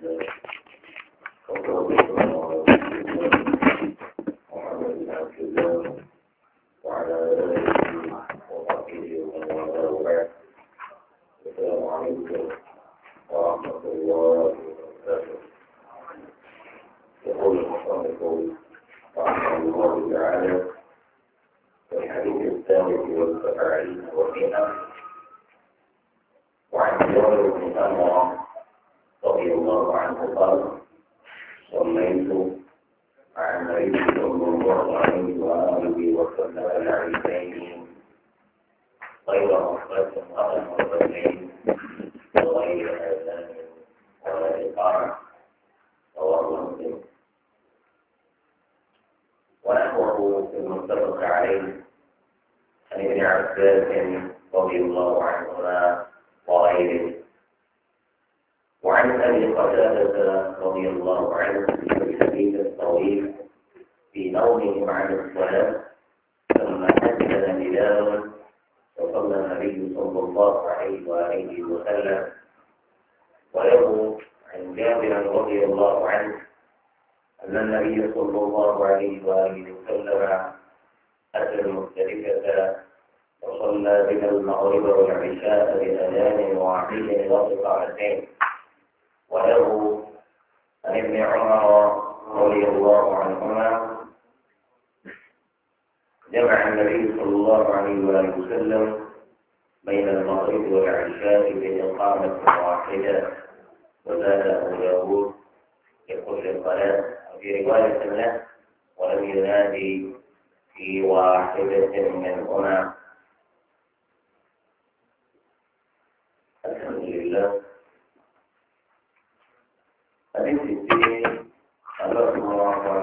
本当に。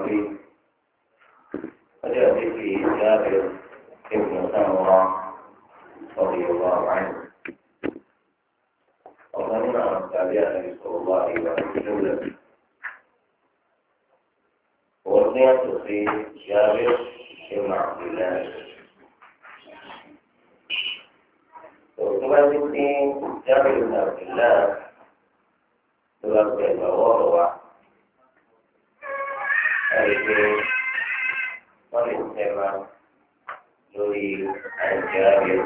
الثوري وجاء به جابر بن سمرة رضي الله عنه وظن أن تابع النبي صلى الله عليه وسلم وصية في جابر بن عبد الله وصية في جابر بن عبد الله تلقى الأول àìpé wọ́n lè tẹ̀ra lórí àìjẹ́ àbẹ̀wò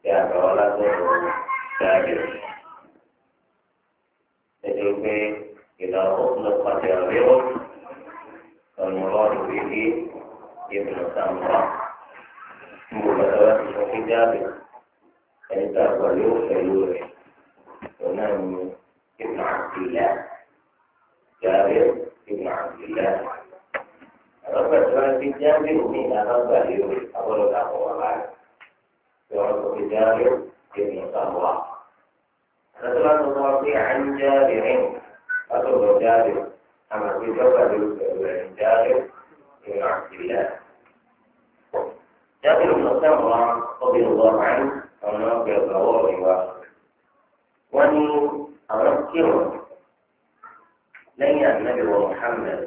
tí a bá wọn lábẹ́wò dáadé. Ẹjọ́ pé ìlànà ọ̀pọ̀lọpọ̀ pàṣẹ àbẹ̀wò ọ̀nà ọ̀rọ̀ ìwé ìbùnà sàmúlà. Mo lọ́dọ̀ láti sọ pé jáde ẹni tá a gbà yóò pẹ̀lú rẹ̀. Ọ̀nà ni ìbùnà ìlà jáde. ابن عبد الله ربع سنة في جامع من ربع يوم أقول له هو بعد يعرف في جامع ابن سمرة نزلت الربيع عن جابر أقول جابر أما في جبل يوسف جابر بن عبد الله جابر بن سمرة رضي الله عنه أنا في الغوار وأني أمكن lẹ́yìn ànábì wa Muhammad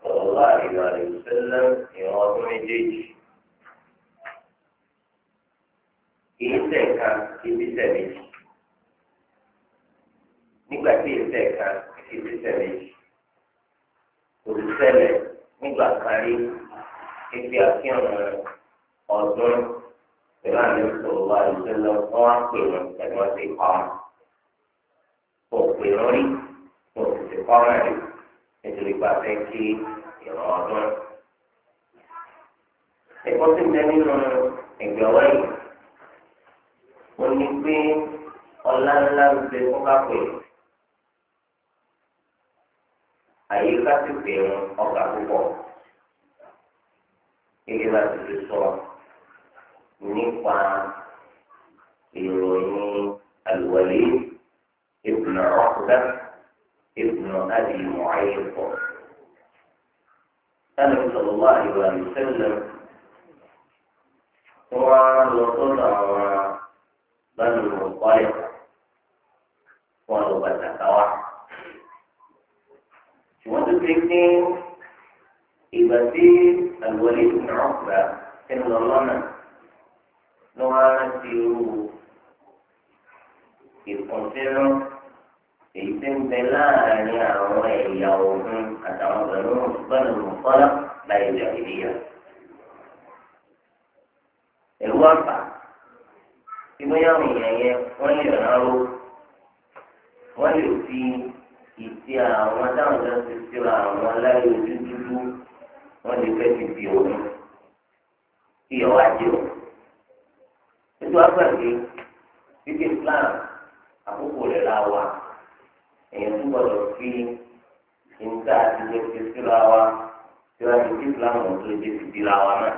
sọlọ́lá àríwá rẹ̀ sẹ́lẹ̀ ìwọ̀n ọdún méjèèjì. kìí ṣẹ̀ka ibi sẹ̀méjì nígbà tí ìṣẹ̀ka ibi sẹ̀méjì kò ṣẹlẹ̀ nígbà kárí ibi àfihàn ọdún pẹ̀lú àmì ìṣòro àìsàn lọ á pè wọ́n tẹ̀lé wọ́n ti kò pè wọ́n rí kọ́rọ̀ rẹ̀ nítorí pé a fẹ́ kí ìrọ̀ ọdún. ẹ̀kọ́ sì bẹ nínú ẹ̀gbẹ̀wọ́ yìí mo ní pé ọlá ńlá ń bẹ fún kápẹ́ àyíká sì pè ń ọgbà púpọ̀ gẹ́gẹ́ bá ti ti sọ nípa ìròyìn àlùwalí ìbùnà ọ̀kúta. ابن أبي معيط أنا صلى الله عليه وسلم هو وصل بنو المطلق ولغة بتتوحد وانتم الاثنين يبقى في الوليد بن عقبة إن الله نوعا نسيرو إذ فيهم èyí tí ń bẹ láàrin àwọn ẹ̀yà ọ̀hún àtàwọn pẹ̀lú bọ́ọ̀lù mọ̀kọ́lá láyé jàìlíyà. ẹ̀rú àpà ìgbéyàwó èèyàn yẹn wọ́n lè ráró wọ́n lè fi ìtì àwọn táwọn kan ti síra àwọn aláyé ojú dúdú wọ́n lè fẹ́ ti fi òun kí ìyàwó ajé o. ètò àgbàgbé bíbí Islam àkókò rẹ̀ la wà èyàn ń gbọ́dọ̀ fi níta àtijọ́ fi síra wa síra ní tí islam ò tó lè fi síra wa náà.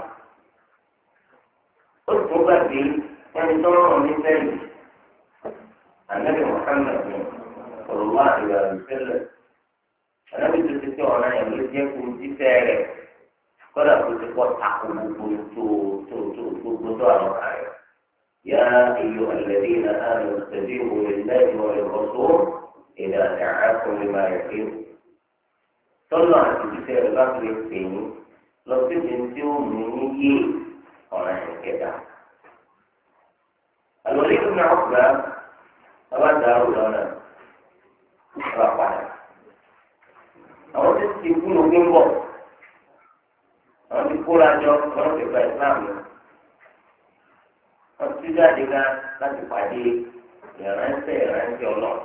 ó tún gbàgbé ẹni tó rọrùn ní sẹ́yìn anabi muhammed ní ọlọ́wọ́ àdìgbà ìṣẹ̀lẹ̀ anabi tó ti tẹ ọ̀nà yẹn jẹ́ kó jíṣẹ́ rẹ̀ kọ́dà tó ti kọ́ tako gbogbo tó tó tó gbogbo àwọn kàrẹ̀. يا أيها الذين آمنوا استجيبوا لله وللرسول إذا دعاكم لما يحب tọ́lọ̀ àti ìfẹ́ rẹ̀ bá fi pè ní lọ síbi tí ó mú ní yé ọ̀ràn ìkẹta. Àlọ́lé tó náà gbà bàbá dàrú lọ́nà bàbá padà. Àwọn tó ti kú lóge ń bọ̀. Àwọn ti kóra jọ wọ́n ti gba ìsìláàmù. Wọ́n ti jáde ká láti pàdé ìránṣẹ́ ìránṣẹ́ ọlọ́run.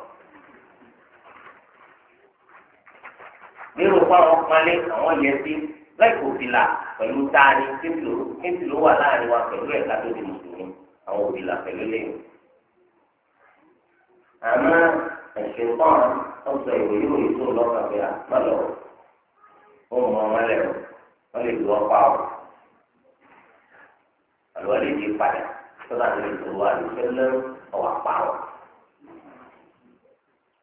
lérò fáwọn pálí àwọn yẹn sí láì kò fìlà pẹ̀lú táàní títìló títìló wà láàrin wa pẹ̀lú ẹ̀ka tó di mùsùlùmí àwọn òfìlà pẹ̀lú lẹ́yìn. àmọ́ ẹ̀sìn kan wọ́n sọ ìròyìn òyìn tó lọ́kàn pé àpọ̀lọ̀ ó mọ wọn lẹ̀ wọ́n lè lu ọ̀pá ọ̀ àlọ́ lè di padà tó bá lè tó wà lùfẹ́lẹ́ ọ̀wà pa ọ̀.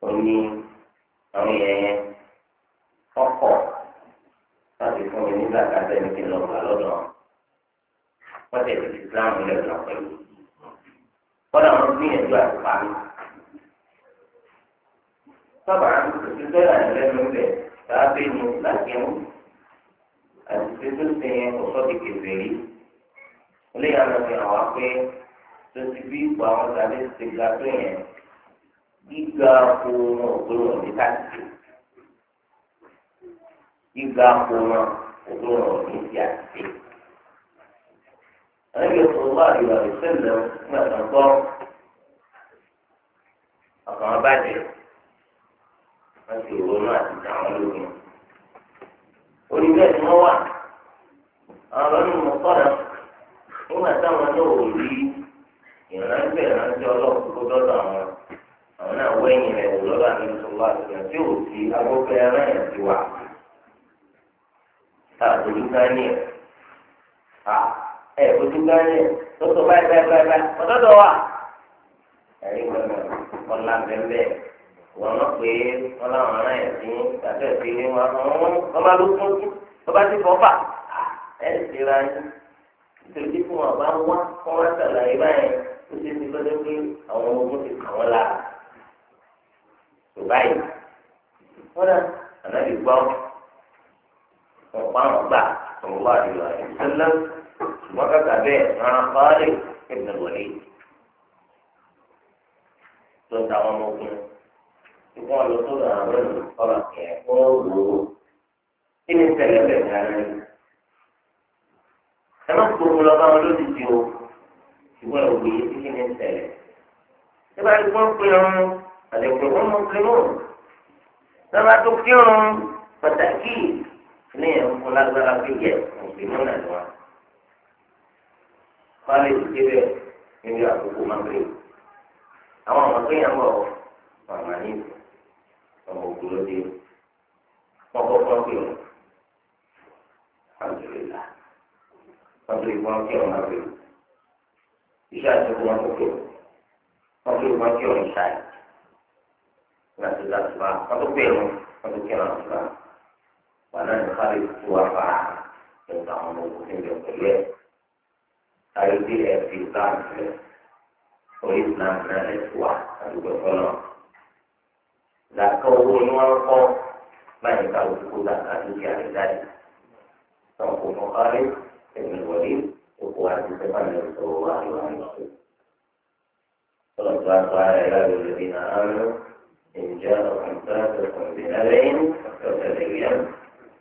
ó ní àwọn èèyàn yẹn ọkọ̀ láti fún mi nígbà káta ẹni kí n lọ gbà lọ́dọ̀ wọ́n tẹ̀ ti Islam lẹ́nu pẹ̀lú kọ́dà wọn gbìyànjú àti pa mí. sábà ti bẹ́ẹ̀ láti lẹ́nu bẹ̀ sáábì mu láti mú àti tí tó ti yẹn kò sọ́ di kèfé rí lọ fi hàn wá pé bí ipò àwọn tàbí ti ga tó yẹn gíga kó wọn ò gbé gíga kóná ojú ọ̀rọ̀ ní ti àti. Àlejò sọ̀rọ̀ wá ìwà ìṣẹ̀lẹ̀ nígbà tó ń gbọ́ ọkàn abájẹ́ wọ́n ti ronú àti dàwọn lóyún. Orí bẹ́ẹ̀ ni wọ́n wà. Àwọn ọlọ́run àwọn náà wẹ́yìn rẹ̀ wò lọ́dọ̀ àti ìṣòwò àti ti wà. àbójúgbáníà à ẹ bójúgbáníà tótó báyìí báyìí báyìí báyìí ọ̀dọ́dọ̀ wà. ẹ̀yin gbọ́dọ̀ kọ́lá bẹ́ẹ̀ wọ́n pé wọ́n láwọn ará ẹ̀ sí tàbí ẹ̀sìn ní wọn wọ́n bá ló kún sí wọ́n bá ti fọ́fà ẹ̀ sì ra ní nítorí tí wọn bá wá kọ́ wá sàlàyé báyìí ó ti ti lọ́dọ̀ pé àwọn ogun ti kà wọ́n la tó báyìí wọ́n dà ànábì gbọ́ ọ̀pá gbà ọ̀wá àdìwà ìṣẹ̀lẹ̀ ṣùgbọ́n kàkà bẹ́ẹ̀ rárá fáálẹ̀ ẹ̀bùn wọlé tó ta wọn mọ́kún ìfọ́n lọ tó lọ àwọn ẹ̀rọ ọ̀rọ̀ kẹ̀ ọ́ wò ó kí ni ṣẹlẹ̀ bẹ́ẹ̀ dáná yìí ẹ má gbogbo lọ bá wọn lójijì o ṣùgbọ́n ẹ̀ wòye sí kí ni ṣẹlẹ̀ ẹ bá ti gbọ́n pé ọ̀run àlẹ́ òkè wọn mọ̀ kí lóòrùn ní ẹ̀kọ́ lágbára pé yẹ mùsùlùmí náà ni wọn. Fáwọn èdè débẹ̀ níbi àkókò máa bèrè. Àwọn ọmọ tó yàn bọ̀ màmá ní ọmọ ògùn ló dé. Wọ́n kọ́ fún ọkẹ́ wọn. Àlùfẹ́lá. Wọ́n bèrè fún ọkẹ́ wọn àbẹ̀. Iṣẹ́ àtúntò wọn kò kẹ́. Wọ́n bèrè fún ọkẹ́ wọn ìṣáà. Ìgbà tó dàtúbà. Wọ́n tó bẹ̀rù. Wọ́n tó kẹ́ wọn àtúbà. ونحن خالد وفاء يوضعون وجودين يومية خالد في صلى الله عليه وسلم قال يا الذين آمنوا إن جاءكم فاسق بنبأ فتبينوا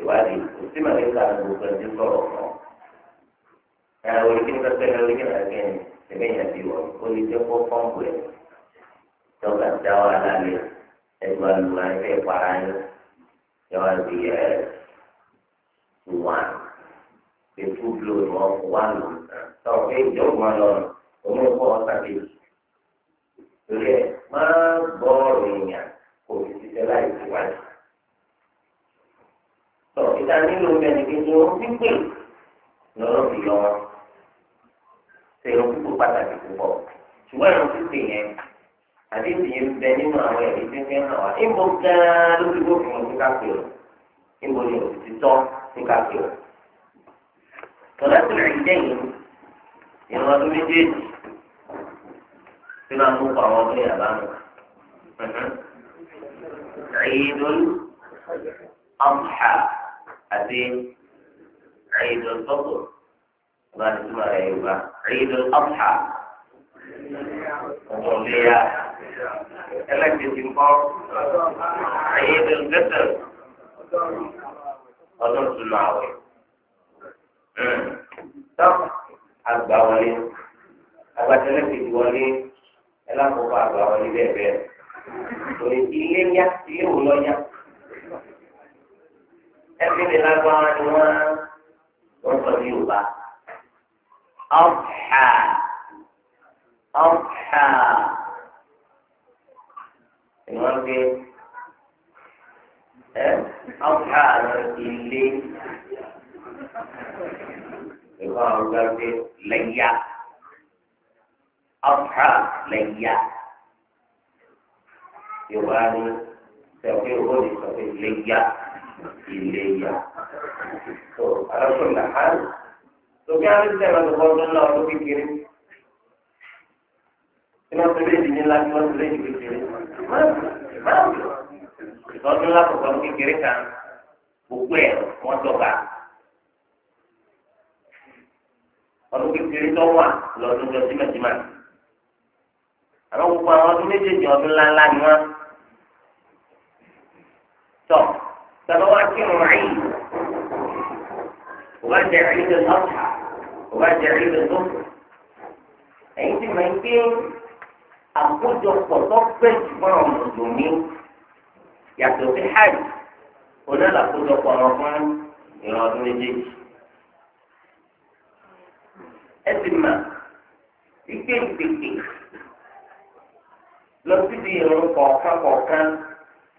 ìwádìí kò sí màá nípa gbogbo ẹni sọ̀rọ̀ kan. Ẹ orí kí n fẹ́ fẹ́ orí kí n fẹ́ kẹ́ni ẹgbẹ́ yẹn ti wọ̀ ó lè jẹ́ kó pọ́ǹpù ẹ̀. Tọ́ka dá wa lálẹ́ ẹgbẹ́ àlùmọ́ ẹgbẹ́ ìpara yín yẹ wá di ẹ̀ wà ètú blo ni wọ́n fún wa lò nǹkan. Tọ́wọ́ pé ìjọba lọ́nà òun ò kọ́ ọ́sà kejì. Torí ẹ̀ máa gbọ́ ọ̀rọ̀ èèyàn kò fi ṣiṣẹ́ láì síwájú tọ̀ ìta nílò ẹnìkejì wọn pípé lọ́rọ̀ fi yọ wọn ṣe irun pípò pàtàkì púpọ̀ ṣùgbọ́n irun pípé yẹn àdéhùn yẹn bẹ nínú àwọn ẹ̀rí tí ń hàn wá ìbò gan-an ló fi gbófin òfin káfí o ìbò ni òfin ti tọ́ ní káfí o. tọ́lá tó lè jẹ́ ìran ọdún méjèèjì tí máa ń kó àwọn ọmọ ìyá bá mi. عيد الأضحى àti ẹ̀yìndọ̀ sọ́kù ọba àtúmọ̀ rẹ̀ yorùbá ẹ̀yìndọ̀ ọ̀pá ọ̀pọ̀lẹ́yà ẹlẹ́gbẹ̀sì ńkọ́ ẹ̀yìndọ̀ gẹ́sẹ̀ ọdún tunu àwẹ̀ hmm. tọ́ àgbà wọlé àgbàtẹ́lẹ́gbẹ̀sì wọlé ẹlẹ́kọ̀ọ́kọ́ àgbà wọlé bẹ́ẹ̀ bẹ́ẹ̀ torí ilé yá ilé wò lọ́yà ẹbí mi lágbára ni wọ́n wọ́n sọ ní yorùbá. ọ̀pá ọ̀pá ni wọ́n gbé ẹ ọ̀pá ilé ìwà ọ̀gá gbé lẹ́yà ọ̀pá lẹ́yà yorùbá ni sẹ́wọ́n yorùbá ni sọ pé lẹ́yà. إليا على كل حال سبحان الله ما تقول الله ربي كريم إنه تريد إن الله ما تريد بكريم ما ما ìtọ́jú lákòókò kékeré kan gbogbo ẹ̀ wọ́n dọ̀gba ọdún kékeré tó wà lọ́dún lọ sí mẹ́tìmá àwọn gbogbo àwọn ọdún méjèèjì ọdún ńláńlá ni wọ́n. صلوات يوم عيد وبعد عيد الأضحى وبعد عيد الظهر عيد الميتين àkójọpọ̀ tó pẹ́ jù fún àwọn mùsùlùmí yàtọ̀ sí hajj onáàlà àkójọpọ̀ wọn fún ìran ọdún méjèèjì. ẹ sì mà wípé ìpèkè lọ síbi ìrun kọ̀ọ̀kan kọ̀ọ̀kan.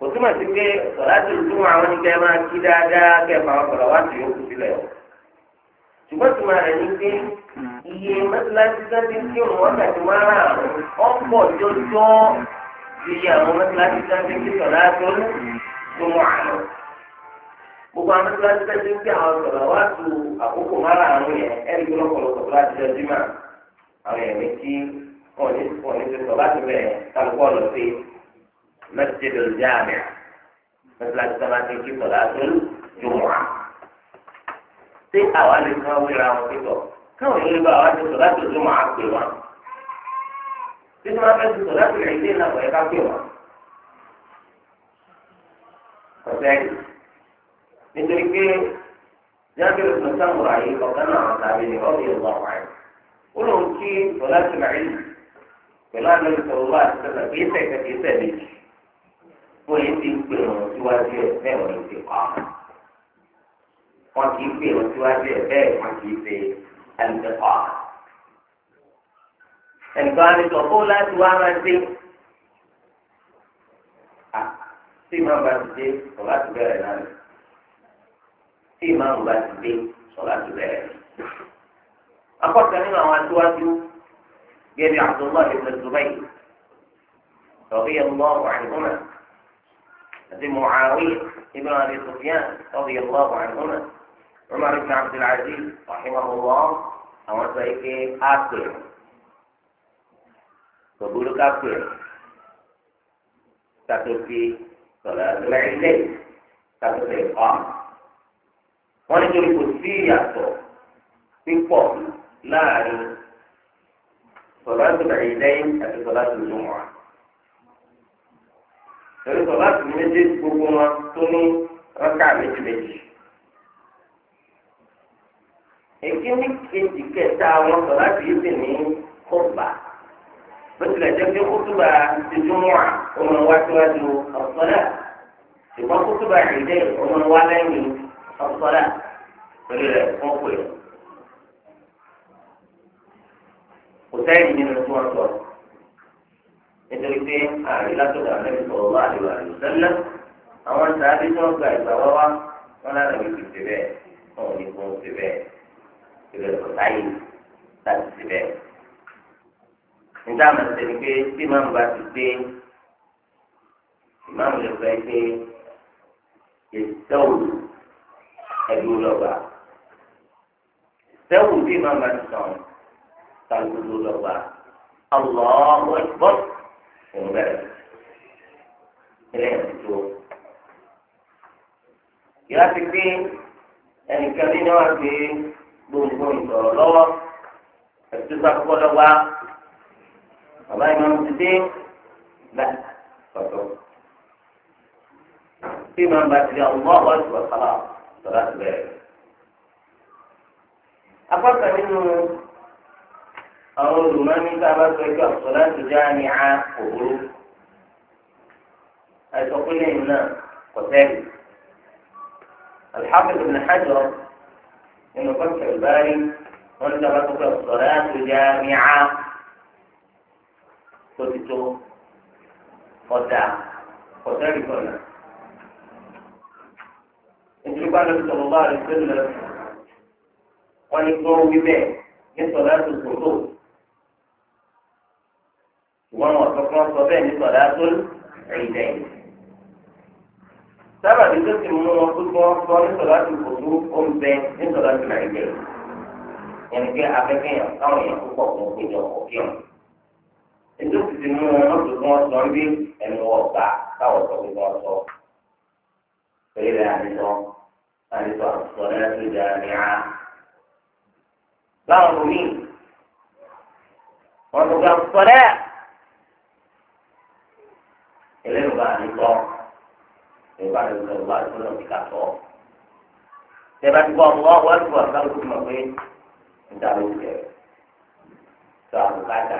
kò túmọ̀ sí pé láti túmọ̀ àwọn oníkẹ́ máa kí dáadáa kẹ́ ẹ̀ máa kọ̀rọ̀ wá sí yòókù sílẹ̀ o. ṣùgbọ́n túmọ̀ rẹ̀ ní pé iye mẹ́tíláṣí sáńtì tí òun wọ́n tàbí máa rà ọ̀pọ̀ jọjọ́ ti iye àwọn mẹ́tíláṣí sáńtì tí sọ̀rọ̀ àti olú tó mọ̀ àná. gbogbo àwọn mẹ́tíláṣí sáńtì tí àwọn sọ̀rọ̀ wá tu àkókò máa àwọn yẹn ẹ̀rí lọ́pọ̀lọpọ̀ láti مسجد الجامع مثل الزمان في صلاة الجمعة في أول كون رام فيه كون يقول بأول صلاة الجمعة في زمان في صلاة العيدين لا بيقع فيه فسأل من ذلك جابر بن سمرائي وكان عن تابعين رضي الله عنه قلوا كي صلاة العيد فلا نبي الله عليه وسلم كيسة كيسة ليش ó yẹ ti pè wọn síwájú ẹ bẹ́ẹ̀ wọn ti pa wọn kì í pè wọn síwájú ẹ bẹ́ẹ̀ wọn kì í ṣe àlùfẹ́ pa ẹnìkan á ní sọ fún láti wá máa ṣe ah, tí màá bá ti dé ọ̀la ti bẹ̀rẹ̀ náà tí màá bá ti dé ọ̀la ti bẹ̀rẹ̀ akọ́sẹ̀ nínú àwọn aṣíwájú gẹ́gẹ́ bí Abdullahi ibn Zubayr rọ̀bí ẹ̀ ń bọ́ ọ̀rọ̀ àìkúnmẹ́ àti Muawiya ibn Abi Sufyan radiyallahu anhuma Umar ibn Abdul Aziz rahimahullah àwọn sọ ike ápè gbogbo kápè tàtòkè sọlá lẹ́yìnlẹ́ tàtòkè ọ̀ wọ́n ní torí kò sí ìyàtọ̀ pípọ̀ láàrin sọlá tó lẹ́yìnlẹ́yìn àti sọlá tó lọ́wọ́. pẹ̀lú sọ láti méjèèjì gbogbo wọn tó ní rákà méjì méjì. èkíní kejì kẹta wọn sọ láti yìí sì ní kópa bó tilẹ̀ jẹ́ pé kótóbà ti dúnmọ́ à ó máa wá síwájú ọ̀sọ́dà ṣùgbọ́n kótóbà ìdẹ́ ó máa wá lẹ́yìn ọ̀sọ́dà pẹ̀lú rẹ̀ fún pẹ̀lú. kò sẹ́yìn nínú tí wọ́n nítorí pé àárín látọ̀dọ̀ àlẹ́bí sọ̀rọ̀ wá àdìwà àdìwà sẹ́lẹ̀ àwọn sàádé tí wọ́n gba ìgbà wá wá wọn lára mi ti ṣe bẹ́ẹ̀ wọn ò ní kó ń ṣe bẹ́ẹ̀ ìrẹ̀lẹ̀ kọ̀tà yìí láti ṣe bẹ́ẹ̀. níta àmọ̀ ṣe pé tí màmú bá ti gbé ìmáàmù lè fẹ́ pé ìṣẹ́wù ẹ̀dùn lọ́gbà ìṣẹ́wù tí màmú bá ti sàn kálukú lọ́gbà. Allahu Akbar ẹ̀ńgbà ilẹ̀ ìdúró. ìyá ti pé ẹnìkan ní ni wọ́n ti gbogbo ìsọ̀rọ̀ lọ́wọ́ ẹ̀sùn bá kọ́kọ́ lọ́wọ́ bàbá yìí máa ń ti dé gbà pàtó. bí màá bá ti di àwọn ọmọ ọ̀hún ìwà sábà sọ̀rọ̀ àti apá kan nínú. àwọn olùmọ́ni tá a bá sọ pé ọ̀sọ̀lá láti já ni a òwúrò àìsàn pé lẹ́yìn náà kò tẹ́lẹ̀ alḥafiz ibn hajọ nínú kọ́ńtà ìbárí wọ́n tá a bá sọ pé ọ̀sọ̀lá láti já ni a tó ti tó ọ̀dà kò tẹ́lẹ̀ kọ́nà. sọ̀rọ̀ bá lọ́sọ̀rọ̀ lọ́wọ́ àrùn wọ́n ní kó wí bẹ́ẹ̀ ní sọ̀rọ̀ láti sọ̀rọ̀. wọn wọn sọ fún ọsọ bẹ́ẹ̀ ní sọdá tó ẹ̀yìnlẹ yìí sábà tí tó ti mú wọn tó gbọ́ sọ ní sọdá tó kò tó ó ń bẹ ní sọdá tó ẹ̀yìnlẹ yìí yẹn ní pé afẹ́fẹ́ yẹn káwọn yẹn púpọ̀ kó péjọ kó ètò ti ti mú wọn tó gbọ́ sọ ń bí ẹnu ọgbà káwọn sọ fún sọ pé ilẹ̀ àdìsọ àdìsọ àtúntò tó dára ní á láwọn omi wọn tó gbà sọdá ẹlẹ́nu bá mi tọ́ ẹ̀rọ bá mi tọ́ ẹ̀rọ bá mi tọ́ ẹ̀rọ tọ́ tẹ̀bá ti kọ́ ọmọ wa wá ju àgbà lóko mọ̀ pé ń ta ló jẹ tó àbùkátà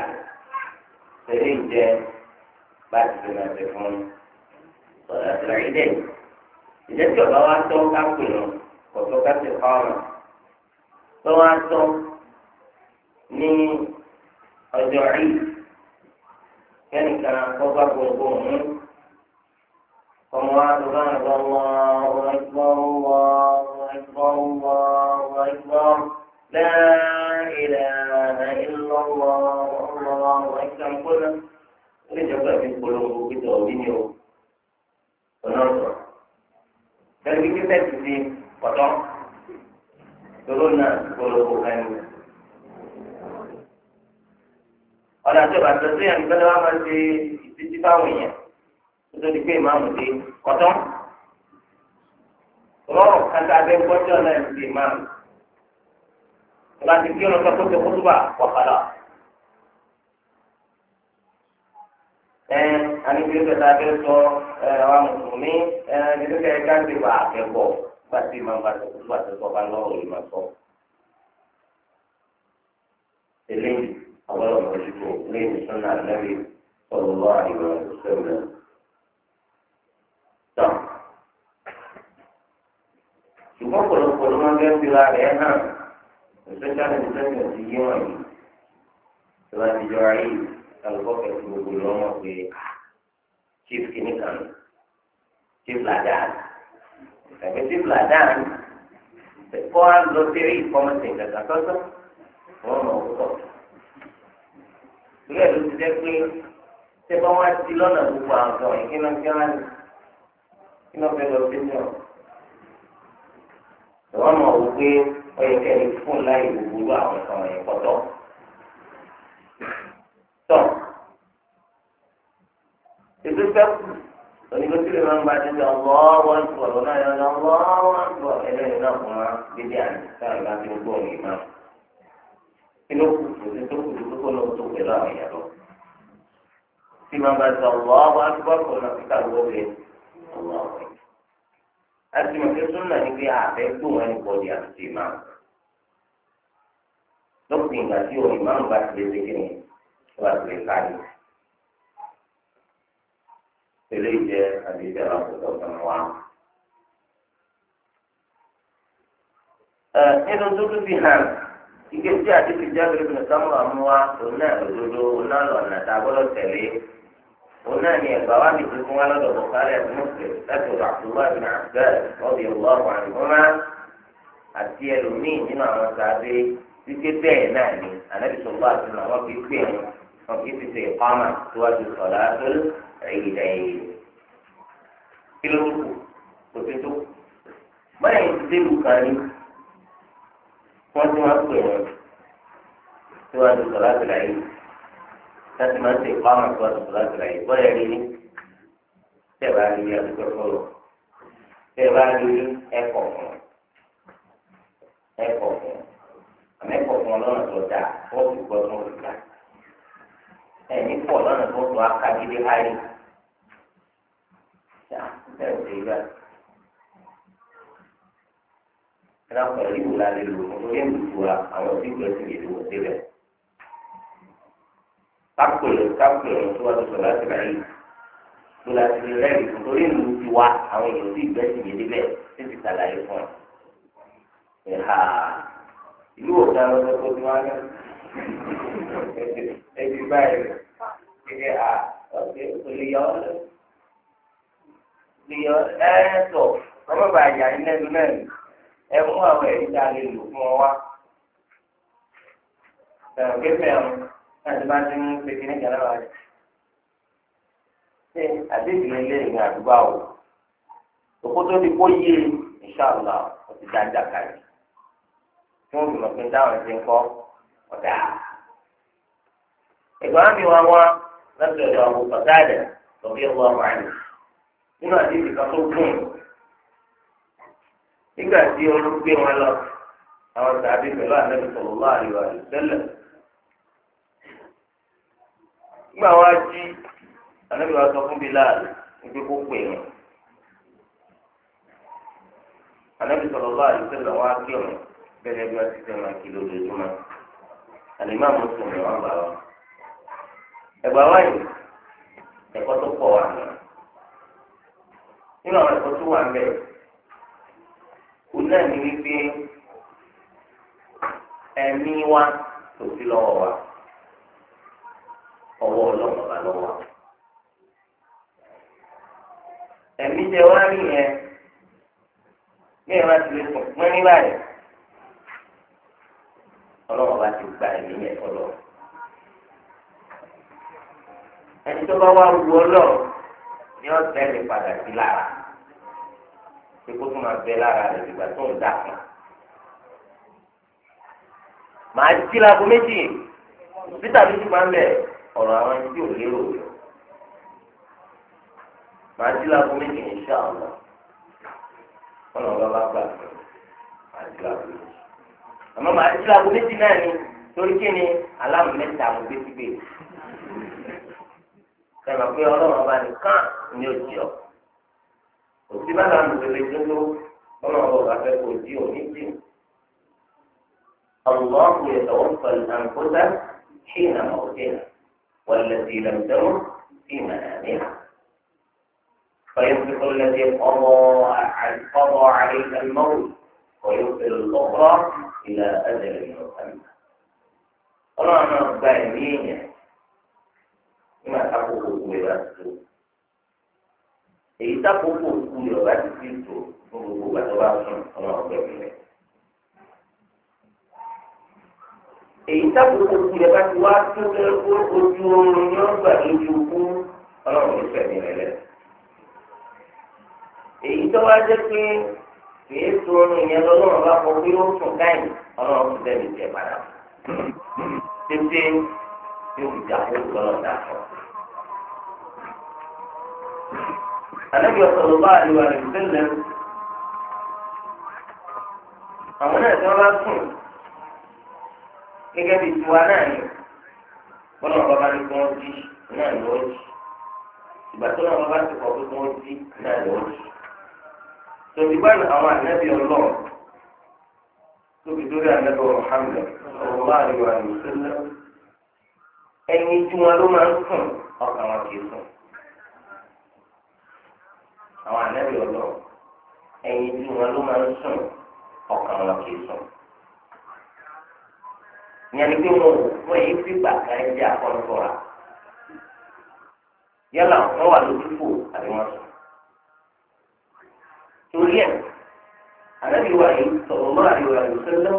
tẹ̀lé ń jẹ bá ti fi máa ṣe fún ọ̀dà tó rí dẹ̀ ìjẹ́ tí ọ̀bá wa tọ́ ká pè lọ kọ̀tọ́ ká ti kọ́ ọ̀nà tó wá tọ́ ní ọjọ́ rí kẹ́nìkan kọ́ba gbogbo mi ọmọ wa tó bá ń lọ wọ́n ẹgbọ́n wọ́n ẹgbọ́n wọ́n ẹgbọ́n lẹ́ẹ̀ẹ́dẹ̀ ìlọ́wọ́ ọlọ́wọ́ ẹgbọ́n kọ́lá ó lè jẹ́ pé àfi polongo pété ọ̀bí ni o ọ̀nà di ọ̀tọ̀ tòló náà polongo ọ̀nà àti ọ̀bà tẹ̀sí yẹn nígbà tí wọ́n máa ṣe títí báwọn èèyàn tó di pé ìmáàmù dé kọ́tọ́. rọrùn kàtà abẹ́ gbọ́jọ́ náà ti di ìmáàmù. ìgbà tí kí ọlọ́sọ tó ti kútúbà wàhálà. ẹ àní kí ló fẹ́ sáà fẹ́ sọ ẹ wa mùsùlùmí ẹ nílùú kẹ́kẹ́ ti wà akẹ́kọ̀ọ́ gbàtí ìmáàmù bá ti kútúbà tó sọ bá lọ́wọ́ ìmáàmù أولا مجموع لين سنة النبي صلى الله عليه وسلم تم ṣùgbọ́n pọ̀lọpọ̀lọ máa ń bẹ́ẹ̀ fi ra rẹ̀ hàn especially the person ti yé wọn yìí tí wọ́n ti jọra yìí alùpùpù kẹ̀kẹ́ gbogbo lọ́mọ pé chief kìnnìkan chief ladan ẹ̀fẹ́ chief ladan kọ́ torí ẹ̀ ló ti jẹ́ pé ṣé bá wá sí lọ́nà gbogbo àwọn ọ̀dọ́ yìí kí ló ń kí wọ́n ní kí ló fẹ́ lọ sí ní ọ̀. ìwọ́n mọ̀ wò pé ó yẹ kẹ́ni fún láì gbogbo àwọn ọ̀dọ́ yẹn pọ̀tọ́. tọ́ ètò sẹ́kù onígbèsè lè máa ń gba títí ọlọ́wọ́ ìfọ̀rọ̀ náà yọ ọlọ́wọ́ ìfọ̀rọ̀ ẹlẹ́yìn náà fún wa gbédé àná inú kùtù tó kùtù tó kọ́ lọ́wọ́ tó pẹ̀lú àwọn èèyàn lọ. tí màá bá sọ wọ́n wá gbọ́ kọ́ náà kíkà lọ́wọ́ bẹ́ẹ̀ ọ̀wọ́ àwọn èèyàn. láti mọ̀ pé súnà ní pé àfẹ́ gbóhùn ẹni pọ̀ ní àtúntì máa. lópin ìgbà tí òun ìmáàmù bá ti lè ṣe kí ni wọ́n bá ti lè ká ní. tẹ̀lé jẹ́ àdéhùn àwọn ọ̀dọ́ kan fi hàn ike tí àdébí jábìrì bìrì sọmọ àmú wa òun náà òdodo òun náà lọ ọ̀nà tá a gbọ́dọ̀ tẹ̀lé òun náà ni ẹ̀gbà wa mi tuntun wa lọ́dọ̀ bọ̀kárẹ̀ mùsùlùmí láti ọ̀dọ̀ àtúwà bin abdul ọ̀bì ọ̀wọ́ àdìgúnmá àti ẹlòmíì nínú àwọn sàbẹ̀ wípé bẹ́ẹ̀ náà ni ànábì sọ̀rọ̀ àti àwọn kì pè wọn wọn kì í ti ṣe ìpamọ́ síwájú sọ̀rọ̀ àtó ẹ̀yìnlẹ̀ ẹ̀yìn wọ́n ti máa ń pè wọ́n síwájú sọ̀rọ̀ àtìlá yìí láti máa ń ṣe ìpamọ́ síwájú sọ̀rọ̀ àtìlá yìí bọ́yá rí ní tẹ̀ bá rí ní àdúgbò fọlọ́ tẹ̀ bá rí ní ẹ̀kọ́ fún ẹ̀kọ́ fún àmì ẹ̀kọ́ fún ọlọ́run tó dáa wọ́n ti gbọ́ tó ń ẹ̀yìn pọ̀ lọ́nà tó ń akágídé háyé ṣáà bẹ́ẹ̀ ṣe gbà. ẹ̀dá pẹ̀lú ìwò la lè lò lórí ìdúrà àwọn tí ìgbẹ́ ti lè lò wọ́n débẹ̀. kápẹ̀lẹ̀ kápẹ̀lẹ̀ tó wá tó sọ láti rà yìí ló la ti lè rẹ́ẹ̀lì fún lórí ìlú ti wá àwọn èèyàn tí ìgbẹ́ ti lè débẹ̀ tí ti sàlàyé fún ẹ. ẹ̀hà ìlú ọ̀gá lọ́sọ̀ tó ti wá ní ẹbí báyìí kíkẹ́ à ọ̀gbẹ́ olùyọ̀ olùyọ̀ ẹ̀ẹ́dọ̀ ọmọ bàjẹ́ àyínlẹ́nu ẹ mú àwọn ẹ̀rí tá a lè lò fún ọ wá. ẹ̀rọ gẹ́gẹ́ àwọn láti bá ti ń pe kí ní ìjà náà rẹ̀. ṣé àdébìí ilé ìrìn àdúgbò àwọ̀ òkú tó ti kó yé ìṣàlùmọ̀ e, ó ti dáadáa kalẹ̀ tí wọ́n fi mọ̀ pé táwọn ti ń kọ́ ọ̀dà. ẹ̀gbọ́n mi wá wá lọ́sọ̀rọ̀ ọ̀hún ọ̀gá ẹ̀dẹ̀ lọ́bí ọ̀gbọ́n ọ̀hún àná nínú àdébìí kan tó gùn. nígbà tí olú gbé wọn lọ àwọn tàbí pẹ̀lú àlẹ́ nígbà jí wa sọ fún kó pè wọn kí bẹ́ẹ̀ bí wọ́n ti tẹ̀ wọn kí lójoojúmọ́ wọ́n ẹ̀gbà wáyé ẹ̀kọ́ tó pọ̀ wà nínú àwọn ẹ̀kọ́ tó wà ń bẹ̀rẹ̀. òun náà ní wípé ẹ̀mí wa kò sí lọ́wọ́ wa ọwọ́ ọlọ́wọ́ bá lọ́wọ́ wa. ẹ̀mí jẹ wá rí yẹn ní ìwà tí lè sùn pín ní báyìí ọlọ́wọ́ bá ti gba ẹ̀mí yẹn ọlọ́ ẹni tó bá wá wú ọlọ́ọ̀ ni ọ̀sẹ̀ lè padà sí lára pé kó tún máa bẹ lára rẹ̀ ìgbà tó ń dà kan. màá jí lago méjì títà méjì máa ń bẹ̀ ọ̀rọ̀ àwọn ẹni tí ò lérò rẹ̀ màá jí lago méjì ní sáà ọ̀nà ọ̀nà ọ̀gá bá gbà màá jí lago méjì àmọ́ màá jí lago méjì náà ni torí kí ni aláàmú mẹ́ta mo gbé síbẹ̀ sẹ́wọ̀n pé ọlọ́run ọba nìkan ni ó jí ọ. òsì bá náà lòlẹ̀ dúró ọlọ́run ọba fẹ́ kò di òní sí. الله يتوفى الأنفس حين موتها والتي لم تمت في منامها فيمسك التي قضى عليها الموت ويرسل الأخرى إلى أجل مسمى ọlọ́run náà gba ẹ̀mí èèyàn nígbà táwọn òkú ìlà tó èyí sákòókò kú yọ láti fi tò fún gbogbo gbàtọ́ bá sùn ọlọ́run bẹ̀rẹ̀ rẹ̀. èyí sákòókò kú yọ láti wá tó lẹ́kọ́ ojú oorun ní ọgbà lójú kú ọlọ́run ló fẹ̀mí rẹ̀ lẹ̀. èyí tó wá jẹ́ pé kìí tó oorun yẹn lọ́lọ́run bá kọ pé ó sùn káyìn ọlọ́run tó bẹ̀rẹ̀ jẹ padà. tètè yóò jà fún ìtọ́lọ́ta fún ọ. àlẹ́bí ọ̀sọ̀rọ̀ bá àdìwà rẹ̀ sílẹ̀ àwọn náà tí wọ́n bá sùn gẹ́gẹ́ bíi tiwa náà ni bọ́lá ọba bá ní kí wọ́n jí náà ni wọ́n jí ìgbà tó náà bá ti kọ̀ pé kí jí náà ni jí. tòbí báyìí àwọn àlẹ́bí ọlọ́ọ̀ tóbi lórí àlẹ́bí Muhammad ọ̀rọ̀ bá àdìwà rẹ̀ sílẹ̀ ẹni tí wọ́n ló máa ń sùn ọkàn wọn kì í sùn àwọn ànábì ọlọ ẹyin tí wọn ló máa ń sùn ọkàn wọn kì í sùn ìyẹn ni pé wọn ò fún ẹyin fìgbà kan jẹ àkọlùkọra yálà wọn wà lójú fò àbí wọn sùn torí ẹ ànábì wa yìí sọ̀rọ̀ mọ́ àríwá ìṣẹ́lẹ̀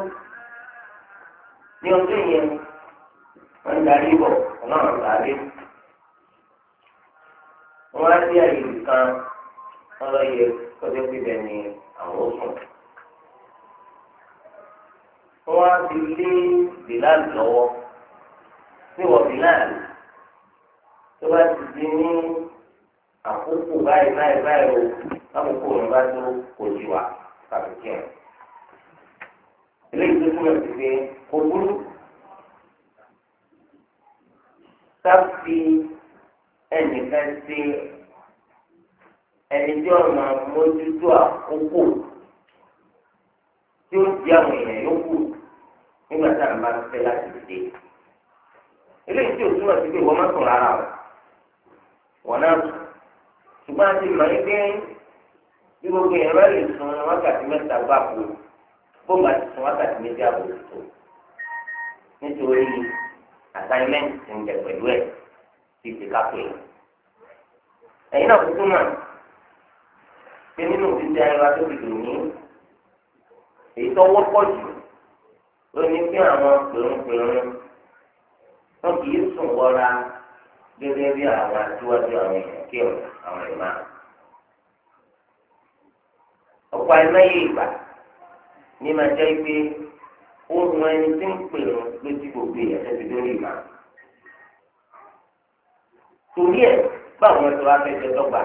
ní ọjọ́ yẹn wọ́n darí bọ̀ ọlọ́run tàbí wọ́n á sí àyè kan ọlọ́yẹ kọjá pípẹ́ ni àwọn òsùn. wọ́n á ti lé bíláàlì lọ́wọ́ níwọ̀ bíláàlì tó bá ti di ní àkókò báyìí báyìí báyìí o lákòókò òun bá tó kò jù wá tàbí kí ẹ̀. eléyìí tó túmọ̀ sí pé kò burú ká fi ẹnìkan ṣe ẹni tí wọn máa mójútó àkókò tí ó di àwọn èèyàn yòókù nígbà tá a máa fẹ́ láti dìde. eléyìí tí o túmọ̀ sí pé wọ́n má sùn rárá o wọ́n náà sùn ṣùgbọ́n a ti mọ̀ ní pé bí gbogbo èèyàn bá lè sun wákàtí mẹ́ta gbáko bó bá ti sun wákàtí méjì àbò tó nítorí àtàlẹ́ǹtì ń bẹ pẹ̀lú ẹ̀ ti ti ká pè náà kúkú mọ̀ pé nínú títí ayélujára tó fi dùn ní èyí tó wọ́pọ̀ jù ó ní pé àwọn pèrúnpèrún wọn kì í sùn wọra gẹ́gẹ́ bí àwọn àtiwájú àwọn èèyàn kí àwọn ìmá. ọ̀pọ̀ àìmọye ìgbà ní máa jẹ́ pé ohun ẹni tí ń pèrún lójú gbogbo èèyàn tẹ́tí lórí ìmá. torí ẹ̀ báwọn ẹ̀sọ́ wa fẹ́ jẹ́ dọ́gba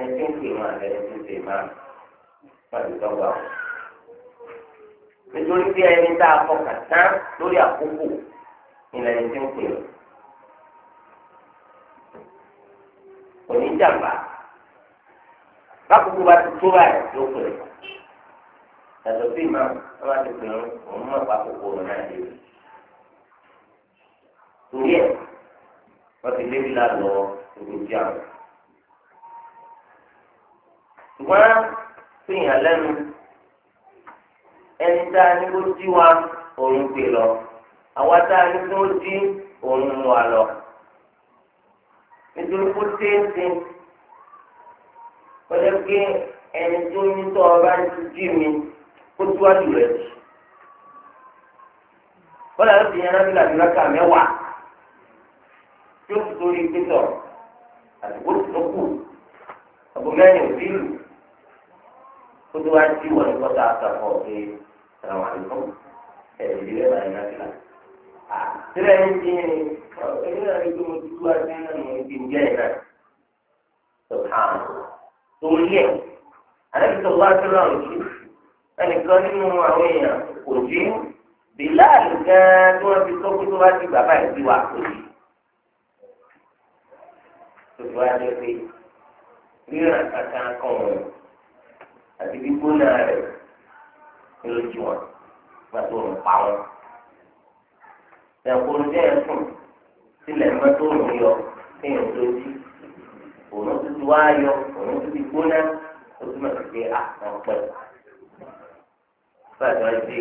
ẹni tí ń pè máa ẹni tí ń pè máa pàdé dọ́gba nítorí pé ẹni tá a fọkàn tán lórí àkókò ìlànà tí ń pè o. oníjàmbá bákòókò bá ti tó báyìí ló pè yàtọ̀ sí ìmọ̀ wọn bá ti pè é òun mọ̀ pákòókò rẹ̀ náà dé. torí ẹ̀ wọ́n ti lébi lálọ́ ìgbòjì àwọn ṣùgbọ́n fìyàn lẹ́nu ẹni tá a ní kó jí wa òun gbé lọ àwa tá a ní kó jí òun mú wa lọ nítorí kó téńté ó lè gbé ẹni tó ní tó ọba jí mi kó tó wá jù rẹ̀ jù wọ́n lọ sí yẹn náà nígbà tí mẹ́wàá tí ó ti torí pétọ̀ àti kó tó kù àbò mẹ́rin ò sí lù ó ti wá sí wọn ní kọ́tà àtàkọ́ pé sàràwà nìkan ẹ̀rù ìdílé wà nínú àtìlá. àtìlẹ́ ini, dín ní ẹni náà ní gbọmọ tuntun wá sí náà ní ibi ìjẹ́ ìná sọ̀tàn torí ẹ̀ àdàbìsọ̀ wá sọ́rọ̀ àwọn ìṣú ẹnìkan nínú àwọn èèyàn kò jí bíláàlì gan-an tí wọ́n ti sọ pé tó bá ti bàbá ìdí wa àti gbígbóná rẹ̀ lójú wọn gbàtò ń pa wọn. ẹ̀kúrú jẹ́ ẹ̀sùn sílẹ̀ mọ́tò ń yọ kéèyàn tó jí òun tó ti wá yọ òun tó ti gbóná ó túmọ̀ sí pé a kàn pẹ̀. Fẹ́ẹ̀dọ́ ẹdí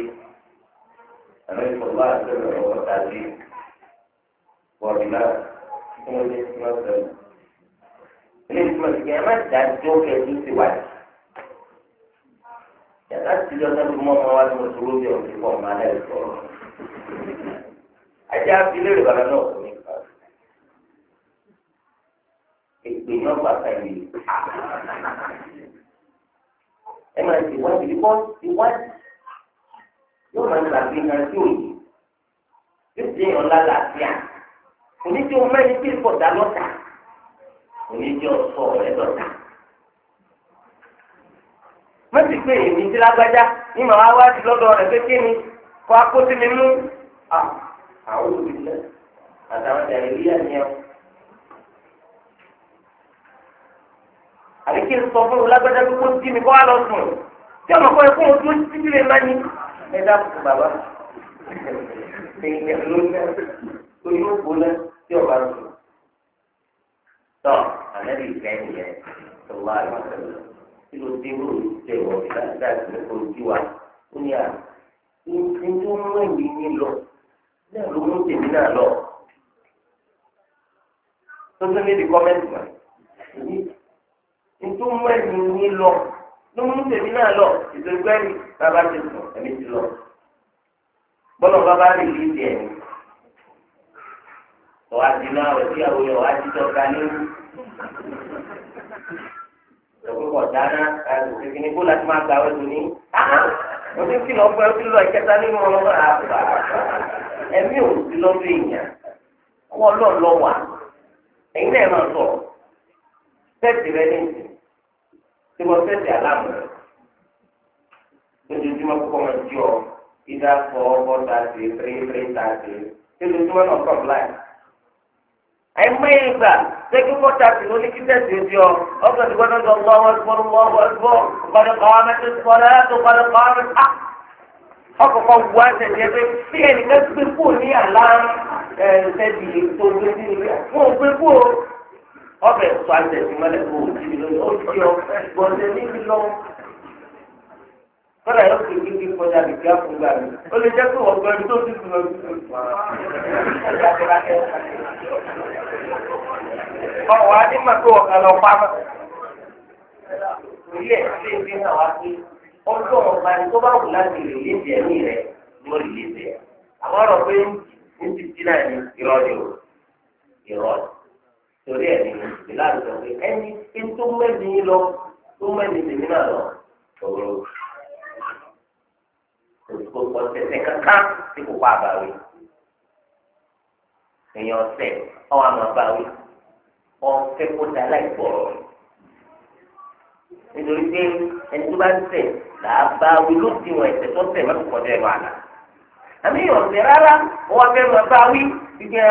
àmì ìfọ̀lá àti ọ̀rọ̀ tàbí wọ̀bìlá tí wọ́n lé sí ọ̀sẹ̀. Ilé ìtumọ̀ sí pé ẹ má dájọ́ kẹ́ẹ́ tó ti wáyé láti jọ sọ́dún mọ́ ọmọ wa ni mo dúró bí ọ̀sìn pọ̀ máa lẹ́yìn sọ̀rọ̀. ajá fi léèrè bàbá náà kò ní ká. èpè náà bàtà yìí. ẹ máa ti wájú bí wọ́n ti wájú. yóò máa ṣàfihàn sí òye. yóò ti yàn lálàáfíà. oníjó mẹ́rin kí n pọ̀ dá lọ́tà. oníjó sọ̀rọ̀ ẹ̀ lọ́tà mọ́tì pé èmi ti lágbájá ní màmá wá sí lọ́dọ̀ rẹ̀ pé kí ni kó akó sí mi mú. àwọn olùdílé àtàwọn ìdàrí rí àníyàn o. àbí kí n sọ fún un lágbájá pé kó sí mi kó wá lọ sùn tí ọmọ kan fún un tó títí lè má ní. ẹ dákun bàbá èèyàn ló ná lórí òkú ná tí ọba sùn. tọ́ ànábì ìfẹ́ nìyẹn tó wá àlọ́ àtẹ̀lẹ́ kí ló dé wọ́n jẹ́ ìwọ̀n bí dáadáa ìlú kò jí wa ó ní à ní tí wọ́n mú èmi ní lọ náà ló tèmi náà lọ. tó tún di kọ́mẹ́ntì wọn ní tí wọ́n mú èmi ní lọ ló mú tèmi náà lọ ìdògbẹ́ ni bàbá ti sùn èmi ti lọ. bọ́lọ̀ bàbá rè é di ẹ̀mí. ọ̀wá náà ọ̀tí àwọn ọ̀wá ti tọ́ka ní lọ́kùnkọ̀ dáná ẹ̀ẹ́dẹ̀gbẹ̀ ní kó láti máa gbà wẹ́tò ní. òní kí lọ fẹ́ kí lọ ìkẹta nínú ọlọ́wọ́ àbá ẹ̀mí ò sí lọ́dún èèyàn kọ́ lọ́ọ̀lọ́ wà ẹ̀yin náà máa sọ fẹ́ẹ̀tì rẹ ní ti wọ́n fẹ́ẹ̀tì aláàmù lójoojúmọ́ kókó máa jí ọ ìdá fọ́ bọ́ta sí tírí tírí tààtì lójoojúmọ́ náà kọ̀ láì. àìmọye ìgbà sẹ́kí pọ́tàkì ló ní kí tẹ̀sí ojú ọ ọgbà tí wọ́n lọ lọ́wọ́ ẹgbọ́n lọ́wọ́ ẹgbọ́n padà kọ́ amẹ́tẹ́ sọ́dọ̀ ẹ̀tọ́ padà kọ́ amẹ́tẹ́ á. ọkọ̀kọ̀ wù á tẹ̀sí pé bí ẹnìkan gbé kú ní àlá ẹ̀ẹ́dẹ́bì tó gbé sí ibi wọn ò kú o. ọbẹ̀ sọ àtẹ̀sí mọ́lẹ̀ kó o ti lọ kọ́dà yóò fi kíkí kọjá lè jẹ́ fún gbà mí. ó lè jẹ́ pé wọ́n gbọ́ ẹni tó ti sùn lọ́dún tó sùn. ọ̀wọ́ adé mà pé wọ́n kà lọ pa mọ́. ilé ilé ìgbé náà wá sí ọjọ́ ọ̀gá ni tó bá wù láti lè lé jẹ́ ní rẹ̀ ló lè lé jẹ́. àwọn ọ̀rọ̀ pé ní ti ti náà ní ìrọ̀lẹ́ o ìrọ̀lẹ́ torí ẹ̀ ní ìlànà ìjọba ẹni tó mẹ́ni lọ tó mẹ́ni tèmi náà lọ olùkókò tẹsẹ kankan tí kò wá àbáwí èèyàn ọsẹ ọwọ àmọ́ àbáwí ọfẹ kó da láìpọrọ nítorí pé ẹni tó bá ń ṣẹ̀ làá bá wí ló ti wọn ẹsẹ tó ṣẹ̀ má kò kọjá ẹnu àná àmì ọsẹ rárá wọn fẹẹ máa bá wí gbígbẹ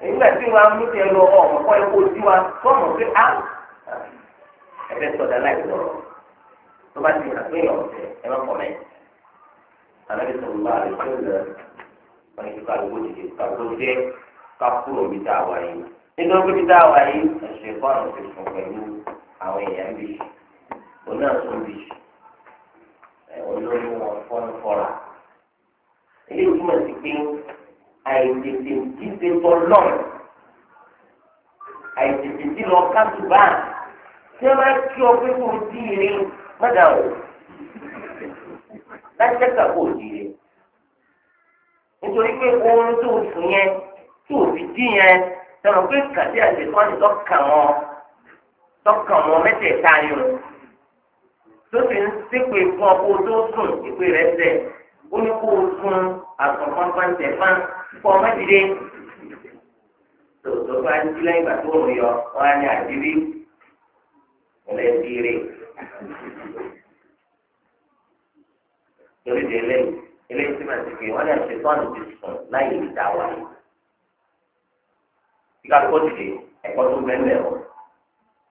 nígbà tí wọn mú tiẹ̀ lọ ọmọ kọ ẹ kó sí wa fọmọ pé a ẹfẹ sọdá láìpọrọ tó bá ti hàn pé ọsẹ ẹ má kọ mẹ anabi sọlá àdìsọlẹ ọyìnká gbòdìdì kàgbọdẹ kakúrò bí tá a wà yìí nítorí bí tá a wà yìí ẹsẹ fọlọ ti sùn pẹ̀lú àwọn èèyàn bí oní àtún bí olórí wọn fọnù fọlá ilé ìtumọ̀ sí pé àìtètè dídé tọ lọ́ọ̀ àìtètè tí lọ ká tù bá tí a máa kí ọ pé kò tí ì rí mọ́dà o lájẹ́kà kò dìre nítorí pé ohun tó fún yẹn tó fi dí yẹn sọ̀rọ̀ pé kàdé àtẹ̀kọ́ ni tọ́ka wọn tọ́ka wọn mẹ́tẹ̀ẹ̀ta yọ tó fi ń ṣépè fún ọkọ tó sùn ìpè rẹ̀ tẹ̀ ó ní kó o sun àtọ̀kọ́ pàǹtẹ̀ fún ọkọ mẹ́tẹ̀ẹ̀dé tòótọ́ bá ń dí lẹ́yìn ìgbà tó ń yọ wọn á ní àdírí ẹlẹ́dìrì torí di eléyìí eléyìí tí màá ti fi wọn lè ṣe tọ́nù ti sùn láyé ìdá wa yìí. ìka kó dìde ẹ̀kọ́ tó bẹ́ẹ̀ o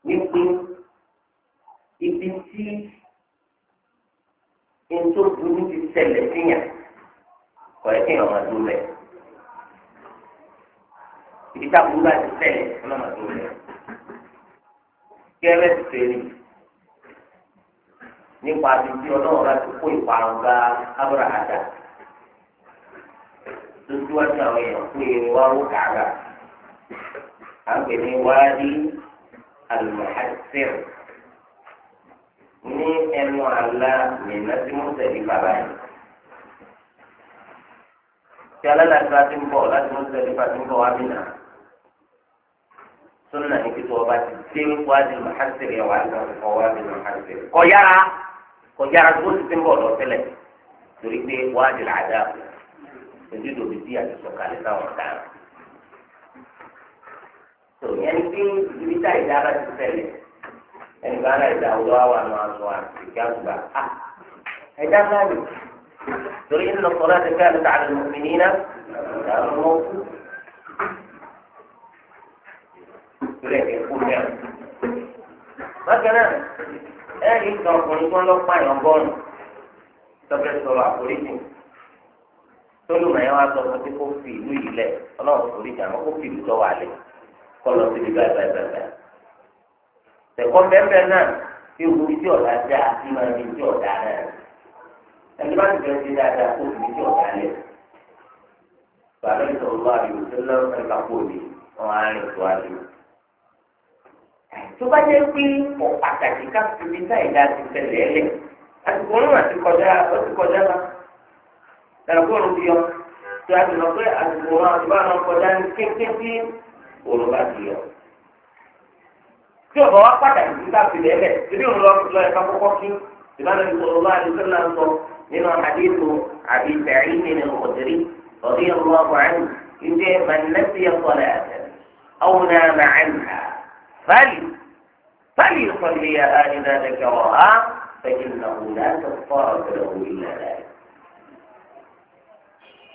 ní pé ibi tí ètò burú ti ṣẹlẹ̀ síyàn kọ̀ ẹ́ kí èèyàn máa dúró bẹ́ẹ̀. ibi tá a burú bá ti ṣẹlẹ̀ ọlọ́màdúró bẹ́ẹ̀. kí ẹ bẹ́ẹ̀ ti fèrè nípa àbíkí ọlọ́run láti kó ìparun bá abúlé àdá tó síwájú àwọn èèyàn pé wá ó kàrà à ń pè ní wáyé alùpàṣẹ́rù ní ẹnu àlá mìíràn tí mo tẹ̀lé bàbá yìí. Tí alálàáfíà ti ń bọ̀ láti mo tẹ̀lé bàbá ti ń bọ̀ wá bí náà. Súnà ní kí tó ọba ti dé wájú màhásìrì ẹ̀wà àti ọ̀wá bí màhásìrì. Kọ̀ yára. ko kọjá agbó ti ti ń bọ̀ lọ tẹ́lẹ̀ torí pé wáàdì làdá ojú lòdì sí àtúnṣọkalẹ̀ táwọn ọ̀dà rẹ̀. tó yẹn ní bí ibi tá ìdá bá ti tẹ̀lé ẹnì bá náà ìdá ọdọ wa àna aṣọ àti ìjà gbà á ẹ̀dá bá mi torí ń lọ sọ́dọ̀ àti fẹ́ẹ́ lọ́tà àti mọ̀mí ní iná ìdá ọmọ kú. torí ẹ̀ kú mẹ́rin. bákan ẹ̀rí ìtàn ọkùnrin kan lọ pààyàn bọ́ọ̀lù tọ́pẹ́ sọ̀rọ̀ àforíjì tólùmọ̀ yẹn wá sọ fún pé kó fi ìlú yìí lẹ̀ ọlọ́run foríjì àmọ́ kó fi ìlú tọ́ wà lẹ̀ kọ́ lọ síbi báyìí báyìí báyìí. ẹ̀kọ́ bẹ́ẹ̀ náà fi ewu tí ọ̀dà dá sí máa ń fi tí ọ̀dà náà ẹni bá ti bẹ̀rẹ̀ sí dáadáa kó fi tí ọ̀dà lẹ̀. bàbá ìtọ̀ tó bá jẹ́ pé ọ̀ pàtàkì káfíńtì táyì dá ti tẹ̀lé ẹlẹ̀ àsìkò ọ̀run àti kọjá ó ti kọjá bá ẹ̀rọ̀kọ́ ọ̀run ti yọ tó a ti lọ pé àsìkò ọ̀run àti báwọn ọ̀run kọjá ní kéńké tí òòrùn bá ti yọ. tí ọ̀bọ̀ wá pàtàkì tí káfíńtì ẹlẹ̀ torí òun lọ lọ ẹ̀ka kọ́kọ́ kí ìbáraẹni sọ̀rọ̀ bá a ti sẹ́nu náà sọ nínú àdéhùn àbí tẹ̀rí nínú ọ̀dẹ́rì ọ̀dẹ́yẹ̀ lọ́wọ́ àbọ̀ àyìn ìjẹ́ mẹ́lẹ́sì ẹ̀kọ́ فلي فليصليها إذا ذكرها فإنه لا كفارة له إلا ذلك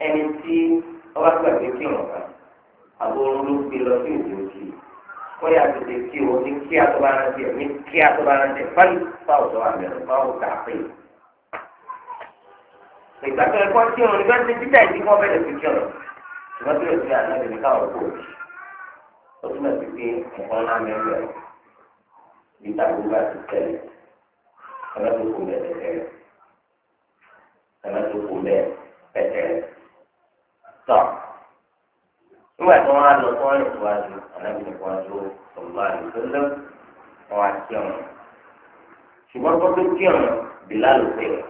ẹni tí ọba gbàgbé kí wọn ndị àbúrò ló gbé lọ sí òde òkè ó yà tètè kí wọn ní kí àtọ́ba náà ní kí àtọ́ba náà pé. ìdí bẹ̀rẹ̀ sí kí wọn ọdún náà ti pé ẹ̀kọ́ ńlá mẹ́rin rẹ̀ bí tàbí bá ti tẹ̀lé ẹlẹ́tòkò mẹ́rin tẹ̀lé ẹlẹ́tòkò mẹ́rin tẹ̀lé tọ́ nígbà tí wọ́n á lọ sọ́wọ́n ní ìwádìí ànábìyẹ ìwádìí ọ̀gbọ́n àdìsọ́lẹ́ wọn á kí ọ̀nà ṣùgbọ́n tó tó kí ọ̀nà bìlá ló pè é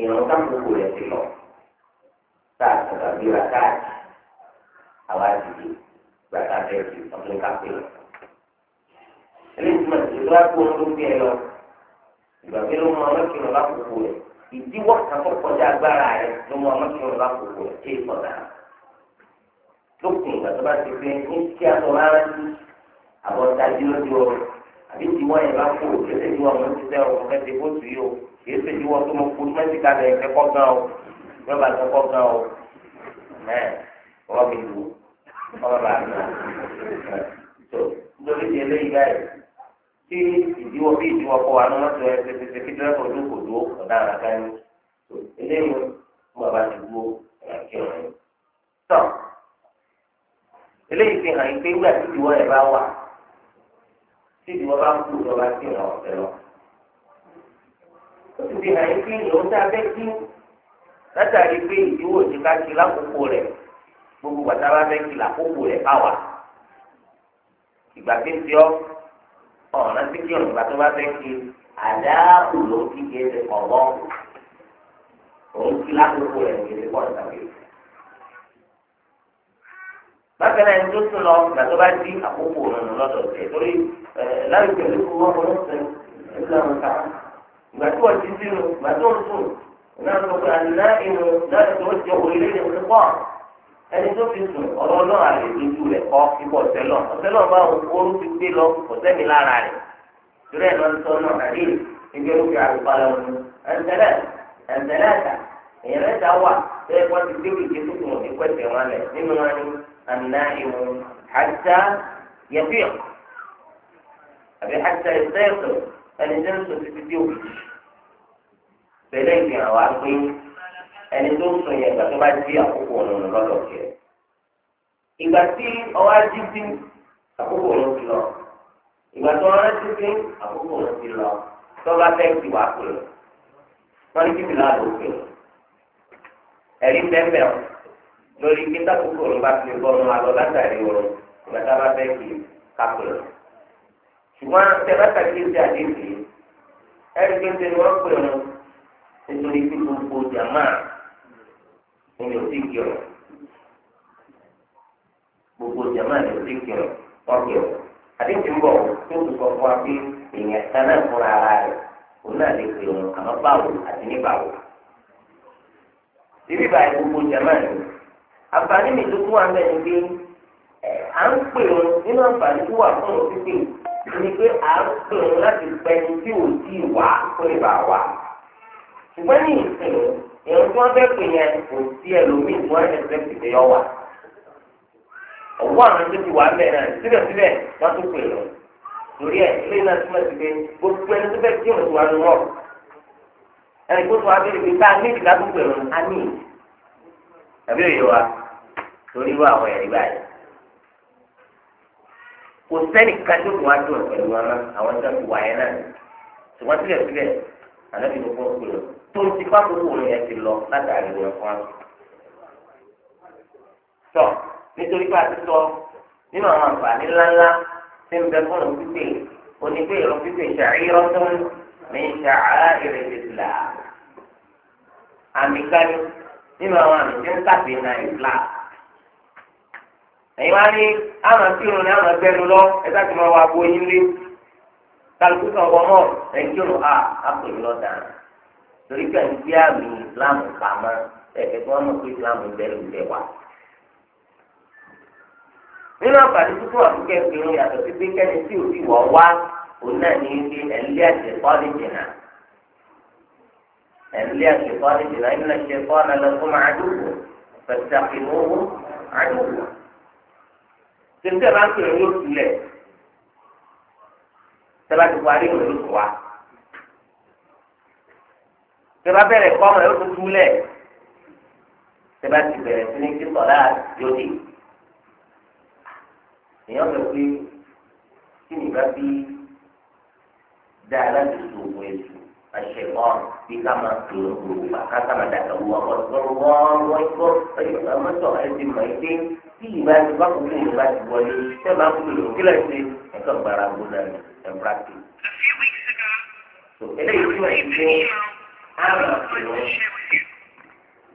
ìrànlọ́tàkùnkù rẹ̀ ti lọ sáà tàbí ra káàkiri àwa dìde gbàtà bẹ́ẹ̀ fi ọdún kápẹ́ lọ. eléyìí tí wọ́n ti lọ́wọ́ kó ń tó bí ẹ lọ ìgbà pé ló mọ ọlọ́kìrọ̀ lákòókò rẹ̀ ìdíwọ́ kan tó kọjá agbára rẹ̀ ló mọ ọlọ́kìrọ̀ lákòókò rẹ̀ tí èèpọ̀ dára. lópin ìgbà tó bá ti pé ní kí a sọ rárá sí àbọ̀ dájú lójú ọ̀rọ̀ àbí ìdíwọ́ yẹn bá kó kéde ìdíwọ́ mọ ti tẹ ọkọ̀ fẹ́ ti bóṣù yìí o kìí ṣe tó mọ kó mẹ́tì kalẹ̀ ẹ̀kọ́ gan o yọba ẹ̀kọ́ gan o mẹ́ẹ̀ ọ̀rọ̀ àná tó nítorí ti eléyìí báyìí tí ìdíwọ́ bí ìdíwọ́ kọ́ wa ní wọ́n tó ẹ pépépé kí dírẹ́fọ̀ tó kò dúró ọ̀daràn kan tó eléyìí mú bàbá ti dúró ẹ̀kí ọ̀rọ̀ yìí tó eléyìí fi hàn yín pé nígbà tí ìdíwọ́ ẹ̀ bá wà tí ìdíwọ́ bá kú ìjọba sí ìrìn ọ̀sẹ̀ lọ ó sì fi hàn yín pé ìlú ń tà bẹ́ẹ̀ kí látàrí pé ìdíwọ́ òṣìkà ti gbogbo bàtà bá fẹ́ kí làkókò rẹ̀ bá wà ìgbà tí ń ti ọ́ ọ̀ràn tí kí ọ̀rùn bàtà bá fẹ́ kí àdáàbò ló kí kí ẹ ti kọ̀ bọ́ òun kí làkókò rẹ̀ kì í ti pọ̀ ìtàwé. bákan náà ẹni tó tún lọ ìgbà tó bá di àkókò òun lọ́dọ̀ tẹ̀ torí láì pẹ̀lú owó ọlọ́sẹ̀ ẹgbẹ́ àwọn ká ìgbà tí wọ́n ti sínú ìgbà tó ń sùn ìgbà tó ń sùn ẹni tó fi sùn ọ̀rọ̀ náà lè rẹ̀ kọ́ kíkọ́ ọ̀sẹ̀lọ̀ ọ̀sẹ̀lọ̀ bá orú ti gbé lọ ọ̀sẹ̀mi lára rẹ̀ torí ẹ̀ lọ́n sọ náà àdé ẹgbẹ́ òkè àlùpàlà ọ̀hún ẹ̀ǹtẹ̀lẹ̀ ẹ̀ǹtẹ̀lẹ̀ta èèyàn mẹ́ta wà bẹ́ẹ̀ wọ́n ti débi ìdí tó tún ìpẹ́ tẹ̀ wọn lẹ̀ nínú wọn ẹni tó sùn yẹn ìgbà tó bá di àkókò ọ̀nà lọ́dọ̀ kẹ ìgbà tí ọwọ́ ají sí àkókò ọ̀nà ti lọ ìgbà tó ọ̀nà ti sí àkókò ọ̀nà ti lọ tó bá fẹ́ ti wà pè wọ́n ní kíbi láàbò pè ẹ̀rí bẹ́ẹ̀ lórí kí tákòókò ọ̀nà bá ti bọ́ ọ̀nà àlọ́ látàrí ọ̀rọ̀ ìgbà tá a bá fẹ́ kí kápè ṣùgbọ́n tẹ́lá kàkíyèsí àdéhùn ẹ̀rí kéńté ni wọ́n pè wọ́n nítorí pé gbogbo jàmáà ẹni ò sí kírun gbogbo jama ẹni ò sí kírun ọkẹrù àdéhùn bọ̀ tó tún sọ fún wa pé èèyàn kan náà fúnra ara rẹ̀ òun náà lè pè wọn àmọ́ báwo àti ní báwo. Bíbí báyìí gbogbo jama ẹni àǹfààní mi tó fún wa mẹ́rin pé à ń pè wọn nínú àǹfààní tó wà fún òun pípé ni pé à ń pè wọn láti pẹ́ni tí ò tí ì wá kó lè bá wa. Ṣùgbọ́n ní ìsìn èyí tí wọ́n fẹ́ pè yẹn kò sí ẹlòmíì tí wọ́n ẹ̀sẹ̀ ti fẹ́ yọ wà. ọ̀wọ́ àwọn tó ti wà bẹ́ẹ̀ náà síbẹ̀síbẹ̀ wọ́n tún pè lọ. torí ẹ̀ ilé iná tí wọ́n ti gbé gbogbo ẹni tó fẹ́ kí òun tó wà lọ́wọ́. ẹni tó tó wà bẹ́ẹ̀ pé káà méjì ká tó pè lọ á ní. àbí òye wa torí wọ́n àwọn ẹ̀rí báyìí. kò sẹ́nì kájọ́ tó wá dùn pẹ̀lú ànábì ló fún òkú rẹ tó ti fákòókò rẹ yẹn ti lọ látàrí rẹ fún wa. sọ nítorí pé a ti sọ nínú àwọn àǹfààní ńláńlá tí ń bẹ fún òun pípé onígbé ìrọ pípé ṣàìrọ tó ń mi ṣàárá ìrẹ ìsìlá àmì kánú nínú àwọn àmì tí ń tàbí náà ìsìlá ẹ̀yin wá ní àwọn akérò ní àwọn ẹgbẹ́ lọ ẹ sáà ti máa wá bo yín lé kálukú kan wọ mọ ẹnjọrò a ah, àpò ìlọta torí pé ẹni bí àmì ìsìlámù pamọ́ ẹgbẹ́ tí wọn mọ pé ìsìlámù bẹ̀rẹ̀ ń bẹ wá. nínú àǹfààní tuntun àtúnkẹ́ ìpinnu yàtọ̀ sí pé kẹ́ni tí ò sì wọ̀ wá òun náà ní ilé ẹ̀lẹ́ àṣepọ̀ lè jìnnà ẹ̀lẹ́ àṣepọ̀ lè jìnnà ìlú àṣepọ̀ lọ́kọ́ máa dùbò pẹ̀sẹ̀ àfihàn owó àdùbò. tètè bá ń pè é lóṣù lẹ̀ tẹ́lá ti parí pẹ̀lú wa. tẹ́lá bẹ̀rẹ̀ kọ́ ọmọ yóò tó túlẹ̀ tẹ́lá ti bẹ̀rẹ̀ sí ní kí sọ̀lá yóòdì. èèyàn fẹ́ pé kí ni bá bí dáa láti so ògùn èso àṣẹkọ́n bí ká máa tó ògùn ògùn àkàtà máa dàgbà wọ́n kọ́ ọ̀rọ̀ wọ́n wọ́n kọ́ ẹ̀yọ̀ ọmọ sọ̀rọ̀ ẹ̀ ti mọ̀ ẹ́ tí ìgbà tí bá kúrò ìgbà tí wọlé tẹ́ bá kúrò kílẹ̀ ṣe ẹ̀kọ́ gbàrà gbóná ní ẹ̀mbraki. tó eléyìí tí wọ́n ti ní àmà ìwọ̀n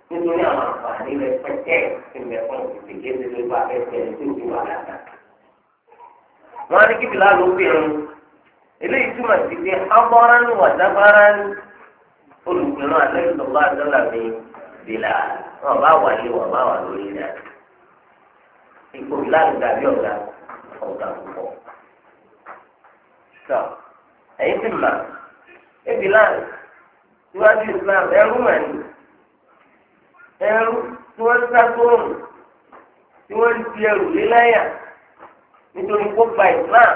nítorí àwọn àǹfààní rẹ̀ pẹ́tẹ́ ìmẹ̀kọ́ ìgbèké ti lè wà ẹsẹ̀ tó ti wà lára. wọ́n á ní kíbi láàlú obìnrin eléyìí túmọ̀ sí pé abọ́ránù àdábáránù olùgbìnrin àlẹ́ ìdọ̀gbà àdọ́là mi bìlà wọn bá wà ní wọn bá wà lórí rẹ̀ ipò láti dàbí ọ̀gá ọ̀gá púpọ̀. sọ ẹ̀yin ti mà ebi láti síwájú Islam ẹrú mà ní ẹrú tí wọ́n sá sóòrùn tí wọ́n di ẹrù líláyà nítorí kó gba Islam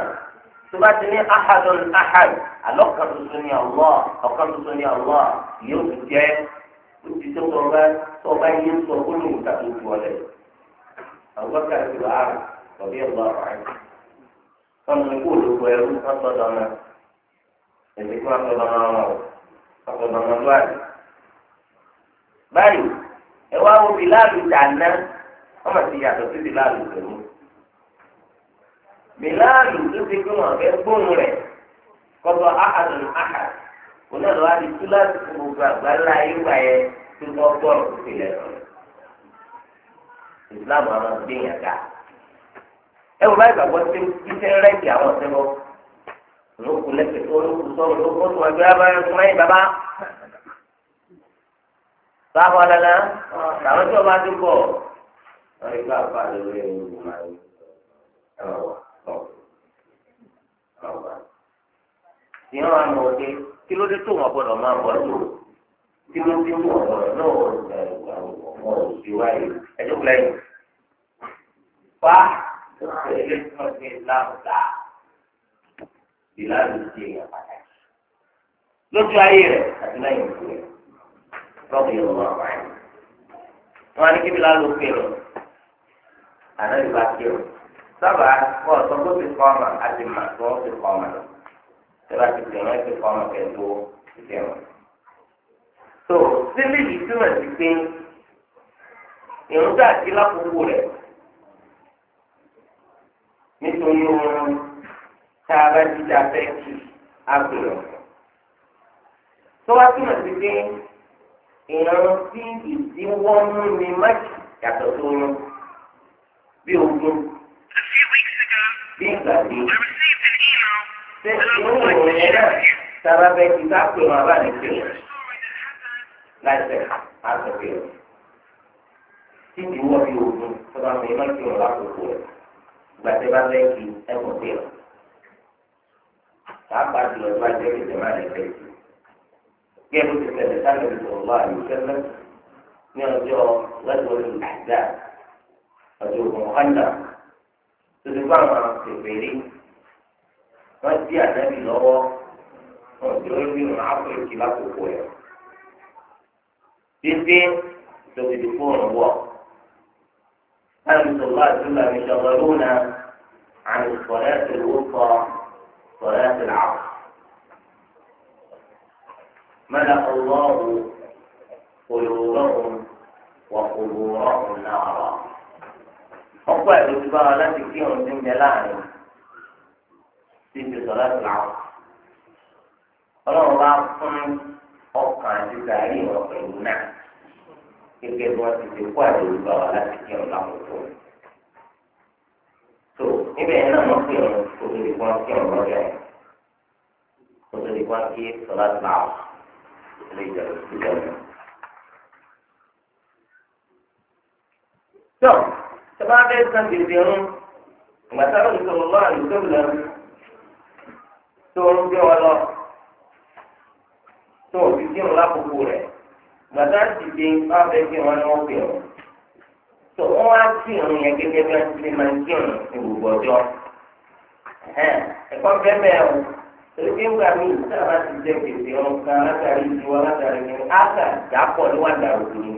tó bá ti ní ahadun ahad àlọ́ kan tuntun ní Allah ọ̀kan tuntun ní Allah yóò ti jẹ́ ó ti tó tọ́ ọba tó ọba yẹn sọ ó ní ìta tó ju ọ lẹ́yìn. أبو بكر بن العاص رضي الله عنه كان يقول ويقول أصدنا اللي كان أصدنا أصدنا الوالد báyìí ẹ wá wo bíláàlù dáná wọ́n máa ti yàtọ̀ sí bíláàlù tòun ahad islam àwọn gbìyàn ga ẹ wò báyìí gbàgbọ́ sí iṣẹ́ rẹ́ẹ̀kì àwọn ọ̀sẹ̀ lọ lókù lẹ́sẹ̀ tó lókù sọ̀rọ̀ lókù tó ẹgbẹ́ abáyé fún ẹ̀yìn bàbá báwo lẹ́la làwọn tí wọ́n bá ti bọ̀ wọ́n yóò bá bá lórí ẹ̀yìn ìgbìmọ̀ ayé ẹ̀rọ wà lọ́wọ́ ìyẹn wà mọ̀ ọ́ dé kí ló dé tó wọn gbọ́dọ̀ máa bọ̀ tó kí ló dé tó wọn gbọ́dọ̀ náà wọ̀ wọn ò sí wáyé ẹjọ́ kúlẹ̀ yìí wá ilé tí wọ́n ti láwùn dá ìlànà ìdí èèyàn pàtàkì lójú ayé rẹ̀ àti lẹ́yìn ìlú rẹ̀ lọ́kùn yóò wá wáyé wọn á ní kíbi láàlú pé rẹ̀ àná ìlú àti rẹ̀ sábà kọ́ ọ̀sán tó ti kọ́ ọmọ àti màá tó ti kọ́ ọmọ lọ tẹ́lá ti tẹ̀ wọ́n ti kọ́ ọmọ kẹ́ẹ̀dó ìfẹ́ wọn. tó sílẹ̀ yìí túmọ̀ sí pé ìrún tá a ti lákòókò rẹ̀ nítorí oorun tá a bá ti dá fẹ́ kí a gbèrò. tó túmọ̀ sí pé ìrún tí ìdíwọ́nú ni májì yàtọ̀ tó yún bí ogun bí ìgbà tí ṣé ìrún ìrún yẹn náà tá a bá fẹ́ kí ká pè wọn abáyé láti àtọ̀kẹ́ rẹ̀ tí kì í wọ bí ogun tó bá fẹ́ má kí ọ̀la kókó rẹ̀ ìgbà tí bá fẹ́ kí ẹ̀kọ́ pé ọ̀. pàápàá jùlọ tó bá jẹ́ kí ìjọba rẹ̀ fẹ́ kí. bí ẹ̀kọ́ ti tẹ̀lé sáré ní sọ̀rọ̀ àyùkẹ́lẹ́ ní ọjọ́ lẹ́tọ̀ọ́ ní àjà ọjọ́ ogun kọ́ńdà tó ti bá àwọn tèfèrè wọ́n dí ànábì lọ́wọ́ wọn jọ ó wọn á fẹ́ kí lákòókò rẹ̀. títí lóbi dùkú ọ̀rọ̀ wọ̀ كانوا صلى الله عليه وسلم يشغلون عن الصلاة الوسطى صلاة العصر ملأ الله قلوبهم وقبورهم نارا ọ̀pọ̀ ẹ̀rọ ti bára láti kí ọ̀run ti ń bẹ láàrin títí sọ̀rọ̀ àti làwọn. ọlọ́run bá fún ọkàn àti gàrí ìwọ̀n pẹ̀lú náà gẹ́gẹ́ bí wọ́n ti ti kó àdéhùn bá wa láti kí ọ̀la àkókò. tó níbẹ̀ yẹn náà wọ́n pè ọ́ òṣèlú kan kí ọ̀rọ̀ ọjà yẹn òṣèlú kan kí sọlá ti bá lè jẹ ìjọ yẹn. tó sábà bẹ́ẹ̀ san gbèsè ń ìgbà sábà lọ́wọ́ àyùkọ́ ìlẹ̀ tó ń gbé wọn lọ tó òfin kí ọ̀la àkókò rẹ̀ gbàtà di bá fẹ́ kí wọn ní wọn pè ọ́ tó wọn wá sí ìrìn yẹn gẹ́gẹ́ bí wọn ti máa ń kí ìrìn ní gbogbo ọjọ́ ẹ̀kọ́ bẹ́ẹ̀ bẹ́ẹ̀ o torí pé ńgbà mí sábà ti jẹ gbèsè ọ̀hún kan látàrí ìdíwọ́ látàrí ìrìn áta dàpọ̀ níwájú àròkù ni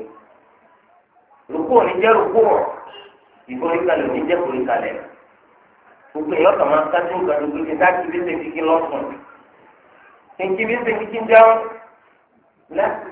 rúkú òní jẹ́ rúkú ọ̀ ìforíkalẹ̀ òní jẹ́ foríkalẹ̀ gbogbo èèyàn kàn máa kájú nǹkan tó gbèsè dákì bí sèkìkì lọ́sùn kìkì sèkìkì ń láti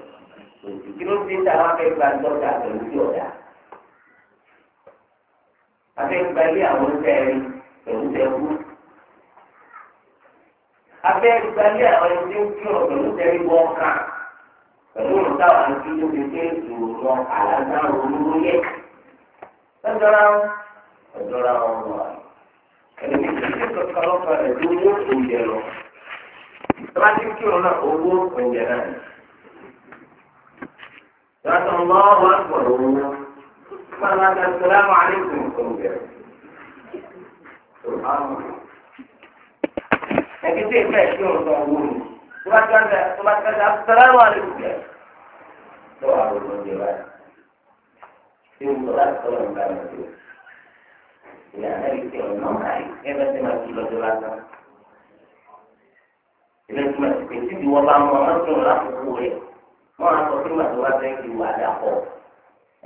kí ló dé tá a máa fẹ́ gba dọ́tà pẹ̀lú tí ọ̀dà a fẹ́ gba ilé àwọn oúnjẹ rí pẹ̀lú tẹ̀kú a fẹ́ gba ilé àwọn ẹni tí ó kí ọ̀ pẹ̀lú tẹ̀rí wọ́n kà pẹ̀lú òǹtàwà ní kí ló fi dé ìrònà àlàdà olówó yẹ lọ́dọ̀ra wọn lọ́dọ̀ra wọn wà ẹni tí kí ló kọ́ lọ́kọ̀ rẹ̀ lówó oúnjẹ lọ tọ́lá لكن الله أكبر فما السلام عليكم سبحان الله لكن كيف يشعر ضعون ثم كان ثم كان السلام عليكم دعاء الجواب في صلاة صلاة كاملة يعني كيف ما كيف ما كيف جواب إذا ما تكتب والله ما نصر لا تقول wọn á sọ fún ìgbà tó wá fẹ́ kí wà dà pọ̀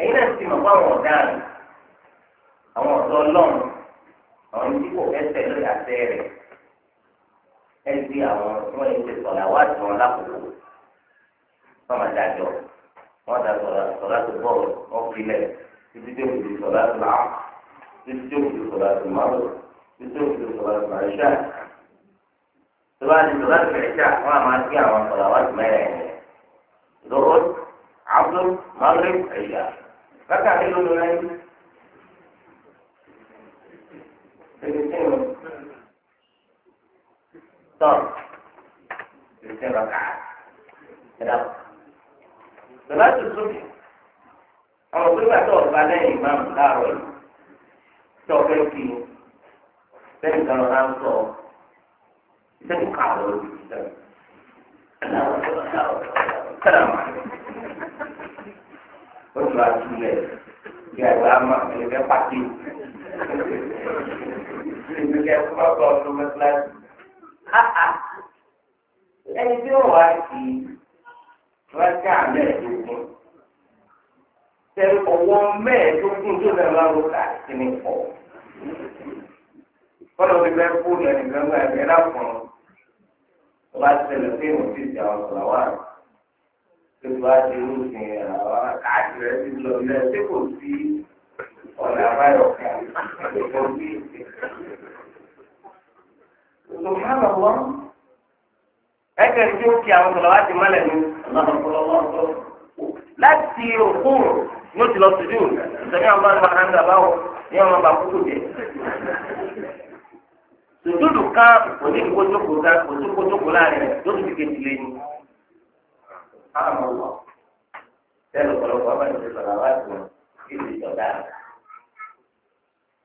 ẹ̀yin náà ti mọ̀ fáwọn ọ̀daràn àwọn ọ̀dọ́ ọlọ́run àwọn tí kò fẹ́ tẹ̀ lórí àṣẹ rẹ̀ ẹ ti àwọn tí wọ́n lè ṣe sọ̀rọ̀ àwádìí wọn lákòókò wọn máa dájọ́ wọn dá sọ̀rọ̀ àti bọ́ọ̀lù wọn filẹ̀ títí tó fi sọ̀rọ̀ àti làwọn títí tó fi sọ̀rọ̀ àti mọ́tò títí tó fi sọ̀rọ̀ àti màṣá tó bá ti sọ̀rọ̀ àti màṣá wọn máa gbé àwọn sọ̀rọ̀ àwádìí mẹ́rẹ̀ẹ̀rin ظهر عصر مغرب عشاء ركع في الأذنين طب الاثنين ركعات صلاة الصبح أو صلاة الظهر بعدين إمام داروي توفيقي sẹ́yìn kan náà ń sọ sẹ́yìn kan lórí ìṣẹ́. kàràmà ó tún á túlẹ̀ bí àgbà má ẹlẹ́fẹ́ pàtó ìgbésẹ̀ fún ọkọ̀ ọdún mẹ́tíláṣí. ẹni tí ó wá sí rákà mẹ́ẹ̀ẹ́dógún tẹ̀lé ọwọ́ mẹ́ẹ̀ẹ́dógún tó lè máa ro káàkiri ní pọ̀. kọ́lọ́ ti fẹ́ fóònù ẹnìkan gbà ẹ̀mí ẹ̀dá kan ọba ti tẹ̀lé pé mo ti di àwọn sọ̀rọ̀ wá rẹ̀ tó bá ti rú ìsìn àwọn káàkiri rẹ̀ ti lọ ilé tí kò sí ọ̀nà àbáyọ kan kò sí ìsìn. Sùhánà wọ́n ẹgbẹ́ tí ó fi àwọn sọ̀rọ̀ láti mọ́lẹ̀ ní ọ̀pọ̀lọpọ̀ láti òkúrò ní ó ti lọ sùdù ìsọ̀rí àwọn bá ń bá báwọ̀ ní ọmọ bá kúkú jẹ. Sùdùdù kan kò ní ìkójókòó kan kò sí ìkójókòó láàrin rẹ̀ lóṣù tí kejì lé ní káàmù wọ̀ bẹ́ẹ̀ lọ́pọ̀lọpọ̀ ọmọ ìlú sọ̀rọ̀ wá sí ìlú ìjọba.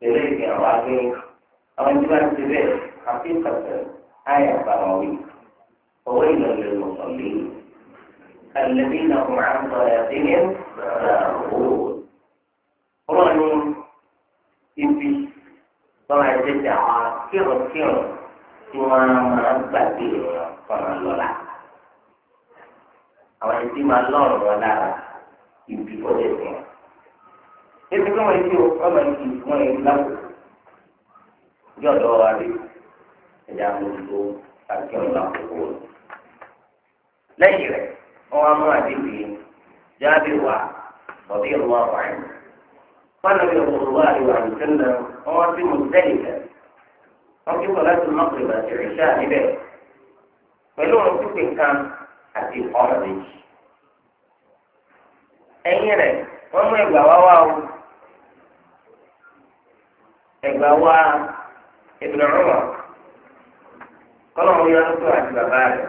Ìlú ìgbìyànjú wa gbé àwọn ìjọba ti bẹ́ẹ̀ àti ìpàtẹ ayé àbàwọ̀ wí. Owó ìlọ̀lẹ̀ lọ sọ̀lẹ̀ kàlẹ́bí náà kò máa ń sọ̀rọ̀ àti ní ọ̀rọ̀ Ọlọ́run ní ibi lọ́wọ́ ẹ̀jẹ̀ ti àwọn kírọ̀kírọ̀ tí wọ́n máa ń gbàgbé ọ̀rọ̀ lọ́la àwọn ẹni tí máa lọ́rọ̀ lọ lára ìbí ọ̀dẹ̀ fún wọn. ebi kí wọ́n ti ọmọ ìdí wọn yẹn lápò bí ọ̀dọ́ wa rí ẹ̀yà àmójútó àti ọ̀nà àkókò wọn. lẹ́yìn rẹ̀ wọ́n wá mú àdébìyẹ jáde wá ọ̀bí ìlú àwáyé. قال رسول الله عليه وسلم هو في مزدلفة وفي صلاة المغرب العشاء به فلو ركوب كان àti ọ̀rọ̀ méjì. ẹ̀yìn rẹ̀ wọ́n mú ẹgbàá wá wá o ẹgbàá wá Ibn Umar kọ́lọ́mù yọ ọ́nùkú àti bàbá rẹ̀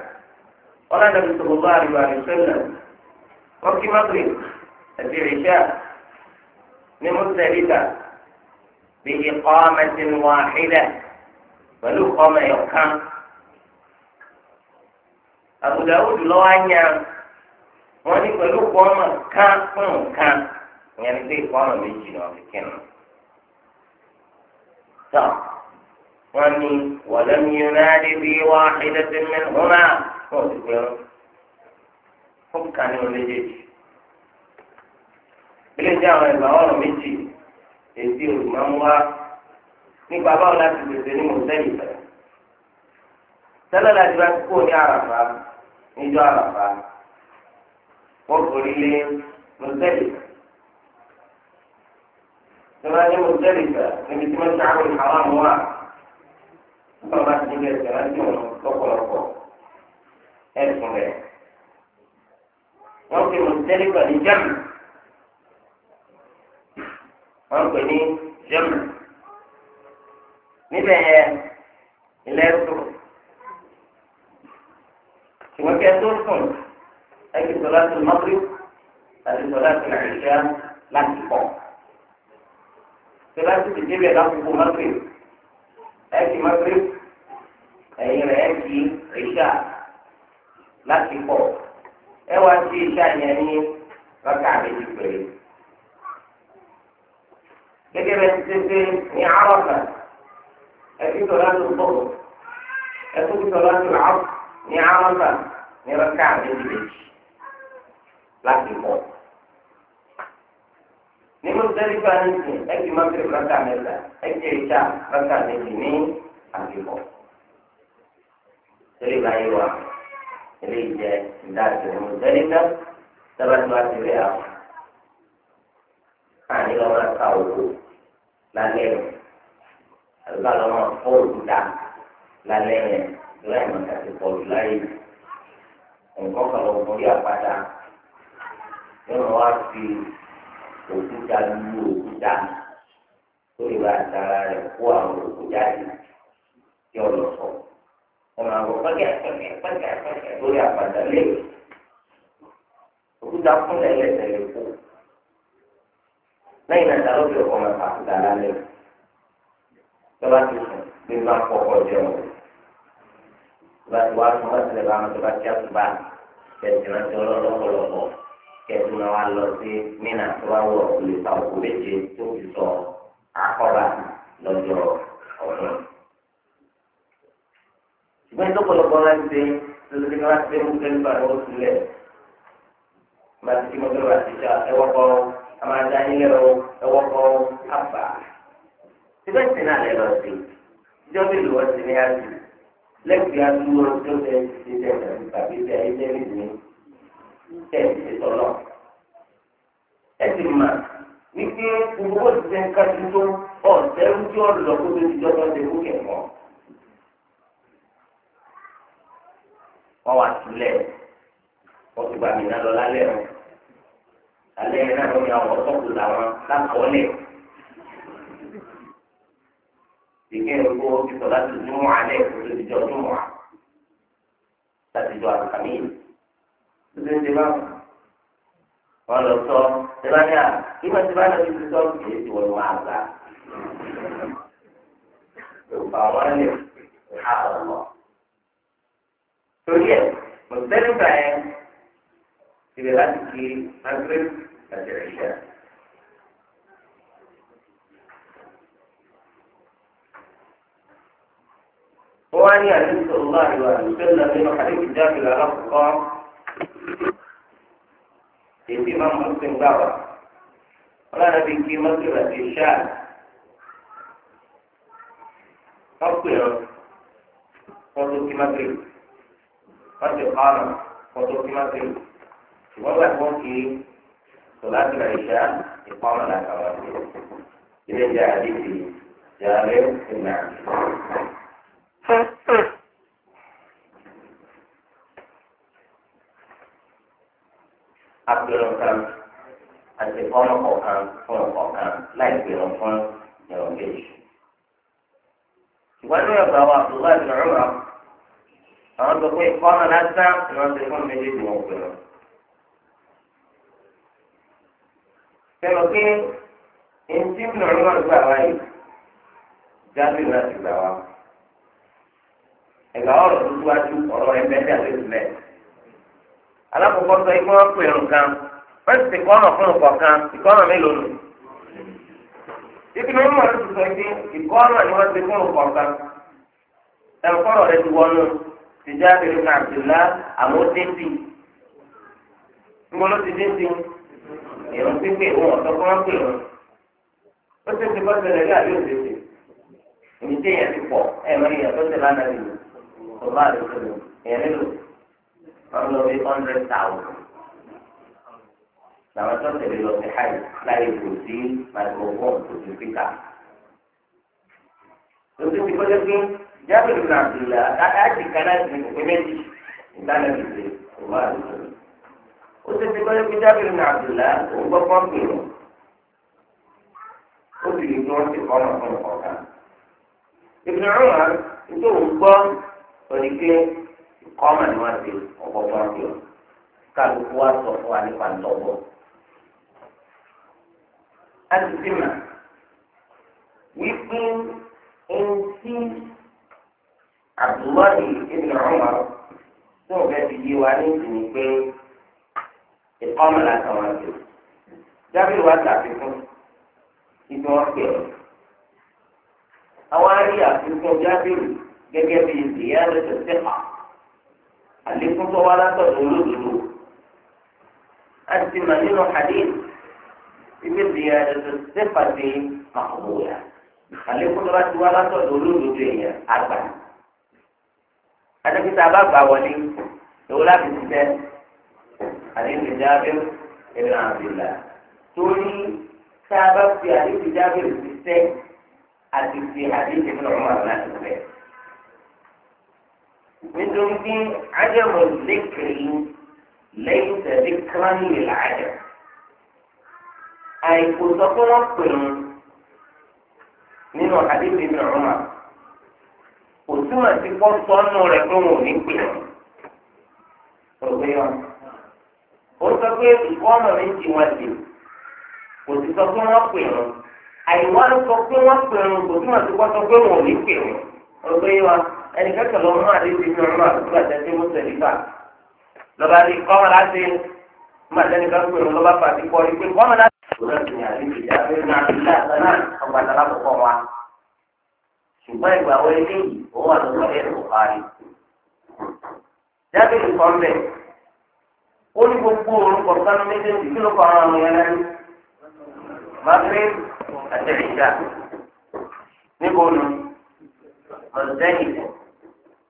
ọlọ́dọ̀ tó tó bá àríwá rẹ̀ sẹ́lẹ̀ wọ́n kí mọ́tò àti ìṣá ní mùsùlùmí bí ìkọ́ ọmọ ti wọ́n àhílẹ̀ pẹ̀lú ọmọ ẹ̀yọ̀ kan. Abu Dawud lọ́wọ́ anya wọ́n ní pẹ̀lú kọ́ọ̀mà kan fún nǹkan ìyẹn ní pé kọ́ọ̀mà méjì ni wọ́n fi Tọ́ wọ́n ní wọ̀lẹ́ náà lè bí wá ìdẹ́sẹ̀ mẹ́rin wọ́n máa wọ́n ti pẹ̀lú fún kan ní Ilé jẹ́ àwọn ọ̀rọ̀ méjì èsì nípa báwo láti pèsè ní tẹ́lẹ̀ láti bá kó ní àràfà níjọ́ àràfà wọ́n forí lé mọ̀tẹ́lì tẹ́lẹ̀ ní mọ̀tẹ́lì tẹ̀ níbi tí wọ́n ti àwọn ìhàwá mú wa wọ́n bá ti lé tẹ̀lé tí wọ́n lọ́pọ̀lọpọ̀ ẹ̀sùn rẹ̀ wọ́n fi mọ̀tẹ́lì pẹ̀lú jẹ́mù wọ́n pè ní jẹ́mù níbẹ̀ yẹn ilẹ̀ ẹ̀sùn ìwọ́n kẹ́ tó sùn ẹ̀kí sọlá tó mọ́tò àti sọlá tó àìsíá láti pọ̀. sọlá tó ti débẹ̀ lákòókò mọ́tò ẹ̀kí mọ́tò ẹ̀yìn rẹ̀ ẹ̀kí àìsíá láti pọ̀. ẹ wá sí iṣẹ́ yẹn ní lọ́kà àbẹ̀jì pẹ̀lú. gẹ́gẹ́ bẹ́ẹ̀ ti ṣe ní àrọ́kà ẹ̀kí sọlá tó tọ̀ ẹ̀kí sọlá tó àrọ́ ní àrọ́kà ní rákà méjì méjì láti pọ̀. ní mọ́tẹ́lẹ́ bá ní sìn ẹ́kì mọ́tẹ́lẹ́ rákà mẹ́ta ẹ́kì ẹ̀ṣá rákà méjì ní àbíkọ̀. torí báyìí wà ilé ìjẹ ìdájọ́ mọ́tẹ́lẹ́ náà sábàtì wá ti rí àwọn. káàní lọ́wọ́ ká òkú lálẹ́ rẹ̀ àlùbá lọ́wọ́ fóònù dá lálẹ́ rẹ̀ lọ́wọ́ ìmọ̀ta ti pọ̀ jù láyé yìí ẹ̀kọ́ kan lọ borí àpáta yóò wá fi òkúta lu òkúta tó lè wá tara rẹ̀ kó àwọn òkúta yìí tí ó lọ sọ. ọ̀nà àwọn pẹ́kẹ́ pẹ́kẹ́ pẹ́kẹ́ pẹ́kẹ́ lórí àpáta lé òkúta kúnlẹ̀ lẹ́sẹ̀ lè kó lẹ́yìn náà ta ọkọ̀ máa fàkúta lálẹ́ lọ́ba ti sùn bí wọ́n á kọ́kọ́ jẹun lọ́ba ti wá sùn wọ́n ti lè bá wọn tó kẹsì rántí ọlọ́run pọ̀lọpọ̀ kẹsì máa wá lọ sí mínà tó bá wọ̀ lè pa òkú méje tó fi sọ akọ́bà lọ́jọ́ ọ̀dún. ṣùgbọ́n tó pọ̀lọpọ̀ máa ń ṣe lórí kí wọ́n ṣe mú kẹ́lí bàbá ó sílẹ̀ máa ti kí mo tó bá ti ṣá ẹwọ́ kọ́ a máa dá nílẹ̀ o ẹwọ́ kọ́ àbá. síbẹ̀ sí náà lẹ́ lọ sí ìjọba ìlú ọ̀sìn ní àjù lẹ́gbẹ̀ẹ́ adúlọ tó lẹ ti tẹ tàbí tàbí tẹ ilé rí ni tẹ ti tọ̀lọ̀. ẹ ti mà wípé owó ti tẹ kájú tó ọ̀sẹ̀ ojú ọ̀lọ́ kó tó ti dọ́gba tẹ kó kẹ̀kọ́. wọ́n wá sílẹ̀ wọ́n ti gbà mí náà lọ lálẹ́ rẹ̀ lálẹ́ rẹ̀ náà wọ́n yà wọ́n sọ́kù làwọn lákọọ́lẹ̀. ìkíni gbogbo ojú sọ láti júmọ̀ alẹ́ ìkótó ìjọ júmọ̀ láti jọ àkàmì lóde ti bá wọn lọ sọ tẹbánìà ìgbà tí bá lọ́ọ́ ti sọ kìí ti wọ́n máa gbà òfà wọn lè ha ọ̀lọ́ torí ẹ̀ mọ̀tẹ́lifà ẹ̀ ìbẹ̀rẹ̀ láti kí agbẹ́rẹ́ àti ẹ̀ṣẹ́. وعن النبي صلى الله وأن وسلم من حديث جابر الرسول قال الإمام مسلم دعوة ولا نبي في مسجد الشام فصل فصل في مسجد فصل قال فصل في مسجد ولا يكون في صلاة العشاء إقامة لا كمان إذا جاء حديث جابر بن عبد kọ̀ọ̀kan àti ọ̀nà kọ̀ọ̀kan fún ọ̀kọ̀ọ̀kan láì gbèrò fún ìrọ̀ kejì. ìwádìí ọ̀rọ̀ gbà wá àbúrò àti ọ̀rọ̀ àwọn tó pé ọ̀nà lásán ni wọ́n ti fún méjèèjì wọn pẹ̀lú. sẹ́nu pé ẹ̀ńtí ń lọ́rùn náà gbà wá jáde láti gbà wá. ẹ̀gbà ọ̀rọ̀ tó wájú ọ̀rọ̀ ẹ̀mẹ́ta lè sílẹ̀. alákòókò sọ ikú wọn pè nǹkan. wọ́n ti kọ́nà fún ọ̀kọ̀ọ̀kan ìkọ́nà mélòó nù. ìpínlẹ̀ mọ̀ ti sọ pé ìkọ́nà ni wọ́n ti fún ọ̀kọ̀ọ̀kan ẹ̀kọ́rọ̀ rẹ ti wọnú tìjà abẹ́rẹ́ kan àbdùlá àmọ́ dẹ́sí. ńgbọ́n ti dẹ́sí ìrún pípé òun ọ̀tọ́ kọ́ pé òun. ó ti ti bọ́ sẹlẹ̀ ní àlẹ́ òdèdè. èmi tí èèyàn ti pọ̀ ẹ̀ mọ èèyàn tó tẹ̀lé àná nìyí. ọba àdókòlò èèyàn nílò. làwọn tó ń tẹ̀lé lọ sí hajj láyé kò sí microphone kò sí píkà. lóṣù tí kọjá pé jábìrì ibn Abdullah àti kaná ti pè méjì ìdáná ti pè ọmọ àdúgbò. ó ṣe ti kọjá pé jábìrì ibn Abdullah òun gbọ́ pọ́ǹpì rẹ̀ ó sì lè gbọ́ sí ọmọ fún ọ̀gá. Ibn Umar nítorí òun gbọ́ òdìgbé kọ́mà ni wọ́n ti ọ̀pọ̀ pọ́ǹpì rẹ̀ kálukú wa sọ fún wa nípa lọ́wọ́ àtìsímà wípé ẹnití Abdullahi ibn Umar tó ń bẹ́ẹ̀ fi yé wa ní ìsinmi pé ìkọ́mọ làtàn wọn jù jábìlì wa ṣàfikún ibi wọn pè é àwọn arí àfikún jábìlì gẹ́gẹ́ bí ìyá rẹ̀ tẹ̀sí àlékún tó wá látọ̀ lórí òdodo àti mànínú hadith. بزيادة الصفة مقبولة خلي قدرات ولا تدلول الدنيا أربعة أنا كنت أبغى أولي لولا بسيطة علي بن جابر بن عبد الله توني سبب في علي بن جابر بسيطة àti fi hadith ibn Umar láti bẹ̀. nítorí bí ajẹ́mọ̀ lékiri lẹ́yìn tẹ̀lé kánú ìlà ajẹ́mọ̀. àìkò sọ pé wọ́n pè ń nínú àdébí mi ọ̀rọ̀ mà kò túmọ̀ sí pọ́ sọ́nù rẹ̀ pé wọn ò ní pè ń òwe wa ó sọ pé ìkọ́ ọ̀nà mi ti wọn dì kò sì sọ pé wọ́n pè ń àìwá sọ pé wọ́n pè kò túmọ̀ sí sọ pé wọn ò ní pè ẹnì kẹ́kẹ́ mo bá lọ́ba láti ká pè òlọ́ọ̀tì ní àbí ìjà pé ní àbílẹ̀ àtàná ọgbà àtàlà kọ̀ọ̀kan wa. ṣùgbọ́n ìgbà wo eléyìí òun wà lọ́wọ́ ẹ̀ ló parí. jáde nìkan bẹ̀ ó ní gbogbo orúkọ sánú méjèèjì kí ló kọ́ àwọn ọmọ yẹn lẹ́nu. mákìrín àti ìjà níbo ni mọ̀tẹ́yìn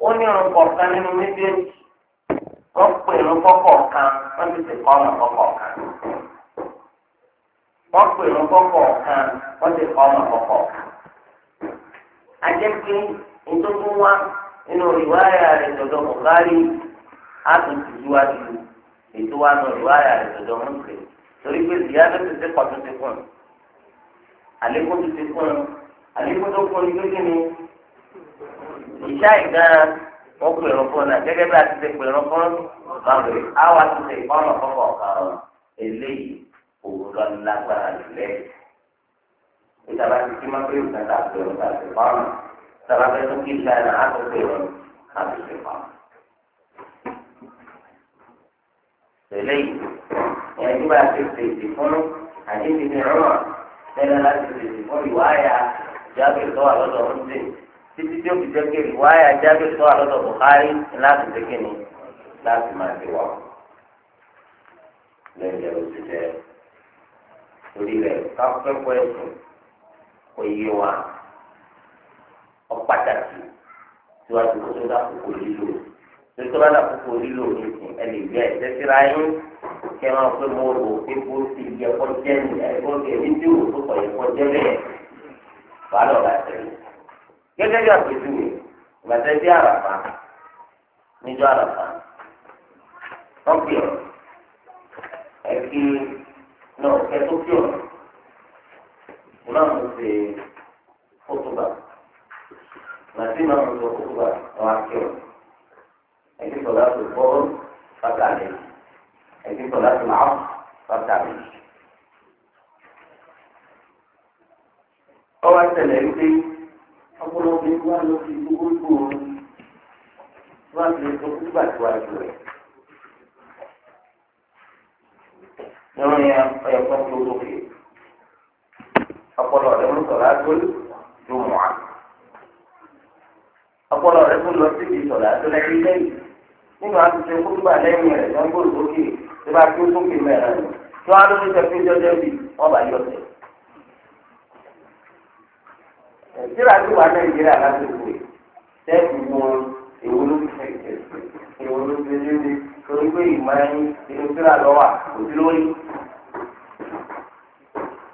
ó ní orúkọ kan nínú méjèèjì wọ́n pè orúkọ kọ̀ọ̀kan wọ́n ti sì kọ́ ọ̀nà kọ̀ọ̀kan wọ́n pè wọ́n kọ́kọ́ kan wọ́n ti kọ́ ọmọ kọ́kọ́. ajẹ́pé ìtọ́jú wa nínú ìwáyà rẹ̀ tọ̀dọ̀ bùkárí á tún ti yíwájú ètò wa nínú ìwáyà rẹ̀ tọ̀dọ̀ mùsùlùmí torí pé ìyá ló ti sẹ́kọ̀ọ́ tó ti kún un àlékún tó ti kún un àlékún tó kún un lójú ni ìṣá ìgbára wọ́n pè wọ́n fún un gẹ́gẹ́ bí a ti ṣe pè wọ́n fún báwo ni á wá ti ṣe kọ́kọ́ ọ̀kan òun lọ lágbára lulẹ̀. ìjọba ti kí perlu bẹ́ẹ̀ nǹkan tàbí ọ̀rọ̀ tàbí pàmò ìjọba bẹ́ẹ̀ tó kí ìlà náà á tó pè ọ̀rọ̀ tàbí pè pàmò. tẹ̀lé ìyẹn nígbà tí fèsì fún àdéhùn ní ọ̀rọ̀ tẹ́lẹ̀ láti fèsì fún ìwáyà jábẹ̀ tó wà lọ́dọ̀ ọ̀hún títí tí ó fi jẹ́ kéèrè wáyà jábẹ̀ tó wà lọ́dọ̀ Bukhari láti tẹ́kẹ̀ torí rẹ̀ káfẹ́kọ̀ọ́ ẹ̀sìn kò yé wa ọ pàtàkì síwájú kó tó dákòókò lílo tó tó bá dákòókò lílo ní ìsìn ẹ lè yẹ ẹsẹ síra yín kí ẹ máa pé mo rò pé kó ti yẹ kó jẹ ní ẹgbẹ́ òkè ní tí wò tó kọ̀ yẹ kó jẹ bẹ́ẹ̀ wàá lọ bá tẹ̀lé gẹ́gẹ́ bí àpèjúwe ìbàtẹ́ bí àràfà níjọ́ àràfà wọ́n pè ọ́ ẹ kí náà kẹ tó kí ọ̀nà mo náà mo ṣe fótóbà màtí màá mo ṣe fótóbà àwọn akẹ́ ọ̀nà ẹ̀dí sọ̀lá tó bọ́ọ̀lù bàtà lè ẹ̀dí sọ̀lá tó máa bàtà lè. ọba tẹlẹ wípé ọpọlọpọ ìwà lọ sí gbogbo ìgbòho wọn ti lè sọ fún gbàgbọ́ àjò rẹ̀. nínú yẹn ọyọ kan tó sókè ọpọlọ rẹ mú sọlá tó tó mọ a ọpọlọ rẹ mú lọ síbi sọlá tó lẹ́yìn lẹ́yìn nínú àtúnṣe kúrúbà lẹ́yìn rẹ tó ń gbòòrò sókè tó bá tó sókè mẹ́rin tó wá lórí sọ pé jọjọ bì wọn bá yọ ọsẹ. ìṣirà tó wà nàìjíríà láti wù ẹ sẹ́ẹ̀kì wọn èwo ló ti fẹ́ èwo ló ti fẹ́ lé torí pé ìmọ̀ ẹni inú kíra lọ wà òbí lórí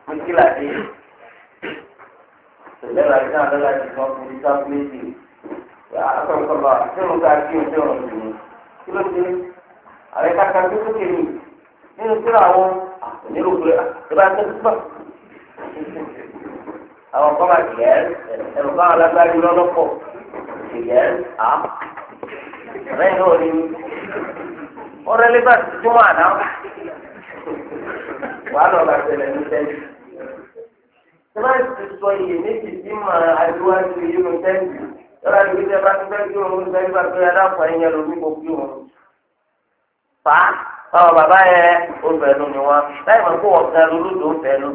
pé kíra dé tẹ̀lé ra iná lọ́la ti sọ fún iṣẹ́ méjì akọ̀kọ̀bà tí mo ká kí n tẹ̀ wọ́n jù mí kí ló dé àrẹ kàkà tó tó kéwì nínú kíra wọn nílò pé ìbá tó tó àwọn kọ́ máa jẹ́ ẹ̀rù bá wọn lágbára lọ́lọ́pọ̀ jẹ́ à lẹ́yìn náà ni ọ̀rẹ́ lébà ti túmọ̀ àná wàá lọ bàtẹ lẹ́nu tẹ́lẹ̀ tẹ́lẹ̀ ti sọ iye méjì tí mà adúwájú yìí ló tẹ́lẹ̀ lọ́la ìwé tẹ́ bá tẹ́ kí òun tẹ́ bá tẹ́ adáfọ̀ ẹ̀yẹ lómi kò kí òun fà á bàbá yẹ olùfẹ̀nu ni wọn láì mọ̀ kó ọ̀gá lolódò fẹ́nu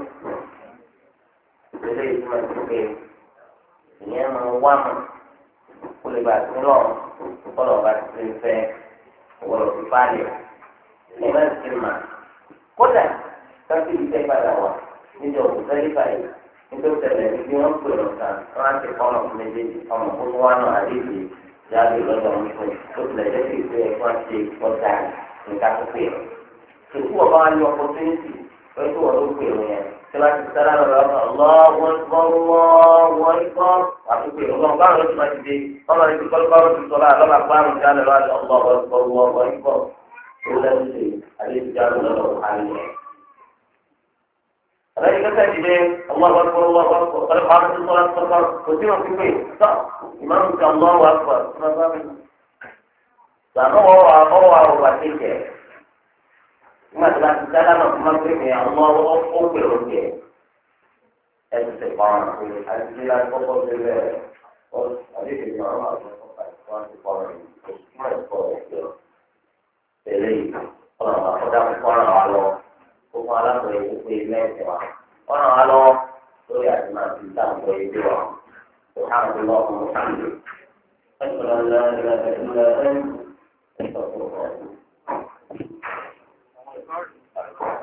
ìpele ìtumọ̀ ìpínlẹ̀ ìyẹn mọ̀ wá mọ̀ kó lè bàtí lọ kó lọ́ọ́ bá ti fẹ́ ọ̀wọ́n ti fáàlì ẹ̀ máa ń ti mà kódà káfí ìfẹ́ padà wà níbi ọ̀gbìn sẹ́lífà yìí nítorí tẹ̀lé ní bí wọ́n pè lọ́ta wọ́n á ti kọ́ ọmọ fún méjèèjì ọmọ fún wa náà àdéhùn jáde lọ́dọ̀ wọn fún tó tilẹ̀ jẹ́ kí ìfẹ́ ẹ̀kọ́ ṣe ọjà nǹkan tó pè é. èkú ọba wa ní ọkọ̀ tó ń sì pẹ́ tó wọ́n ló pè é yẹn سمعت السلام عليكم الله أكبر الله أكبر وعطوك الله أكبر رجل ما تدي الله يقول كل قارة الصلاة لما أكبر كان رجل الله أكبر الله أكبر ولا تدي عليه جاب الله سبحانه رأي كتا جدين الله أكبر الله أكبر قال قارة الصلاة أكبر وسيما في البيت صح إمامك الله أكبر ما ذاك سأقوى وأقوى وأقوى nígbà tó bá ti sálámà fún mákìrìmì àwọn ọkọ̀ òkèlè òkè ẹ̀sì ti pa ọ̀nà pé àti láti kọ́kọ́ sí bẹ́ẹ̀ ọ̀dẹ́gbẹ̀ ní ọ̀rọ̀ àwọn ọ̀pọ̀ àti wọ́n ti pọ̀ ọ̀rọ̀ ìgbà tó ọ̀nà àkọ́dá kọ́kọ́ ọ̀nà wa lọ kó fún alákòóyè gbogbo ilé ẹ̀sìn wa ọ̀nà wa lọ lórí àti máa fi dáàbò ilé wa سبحانك اللهم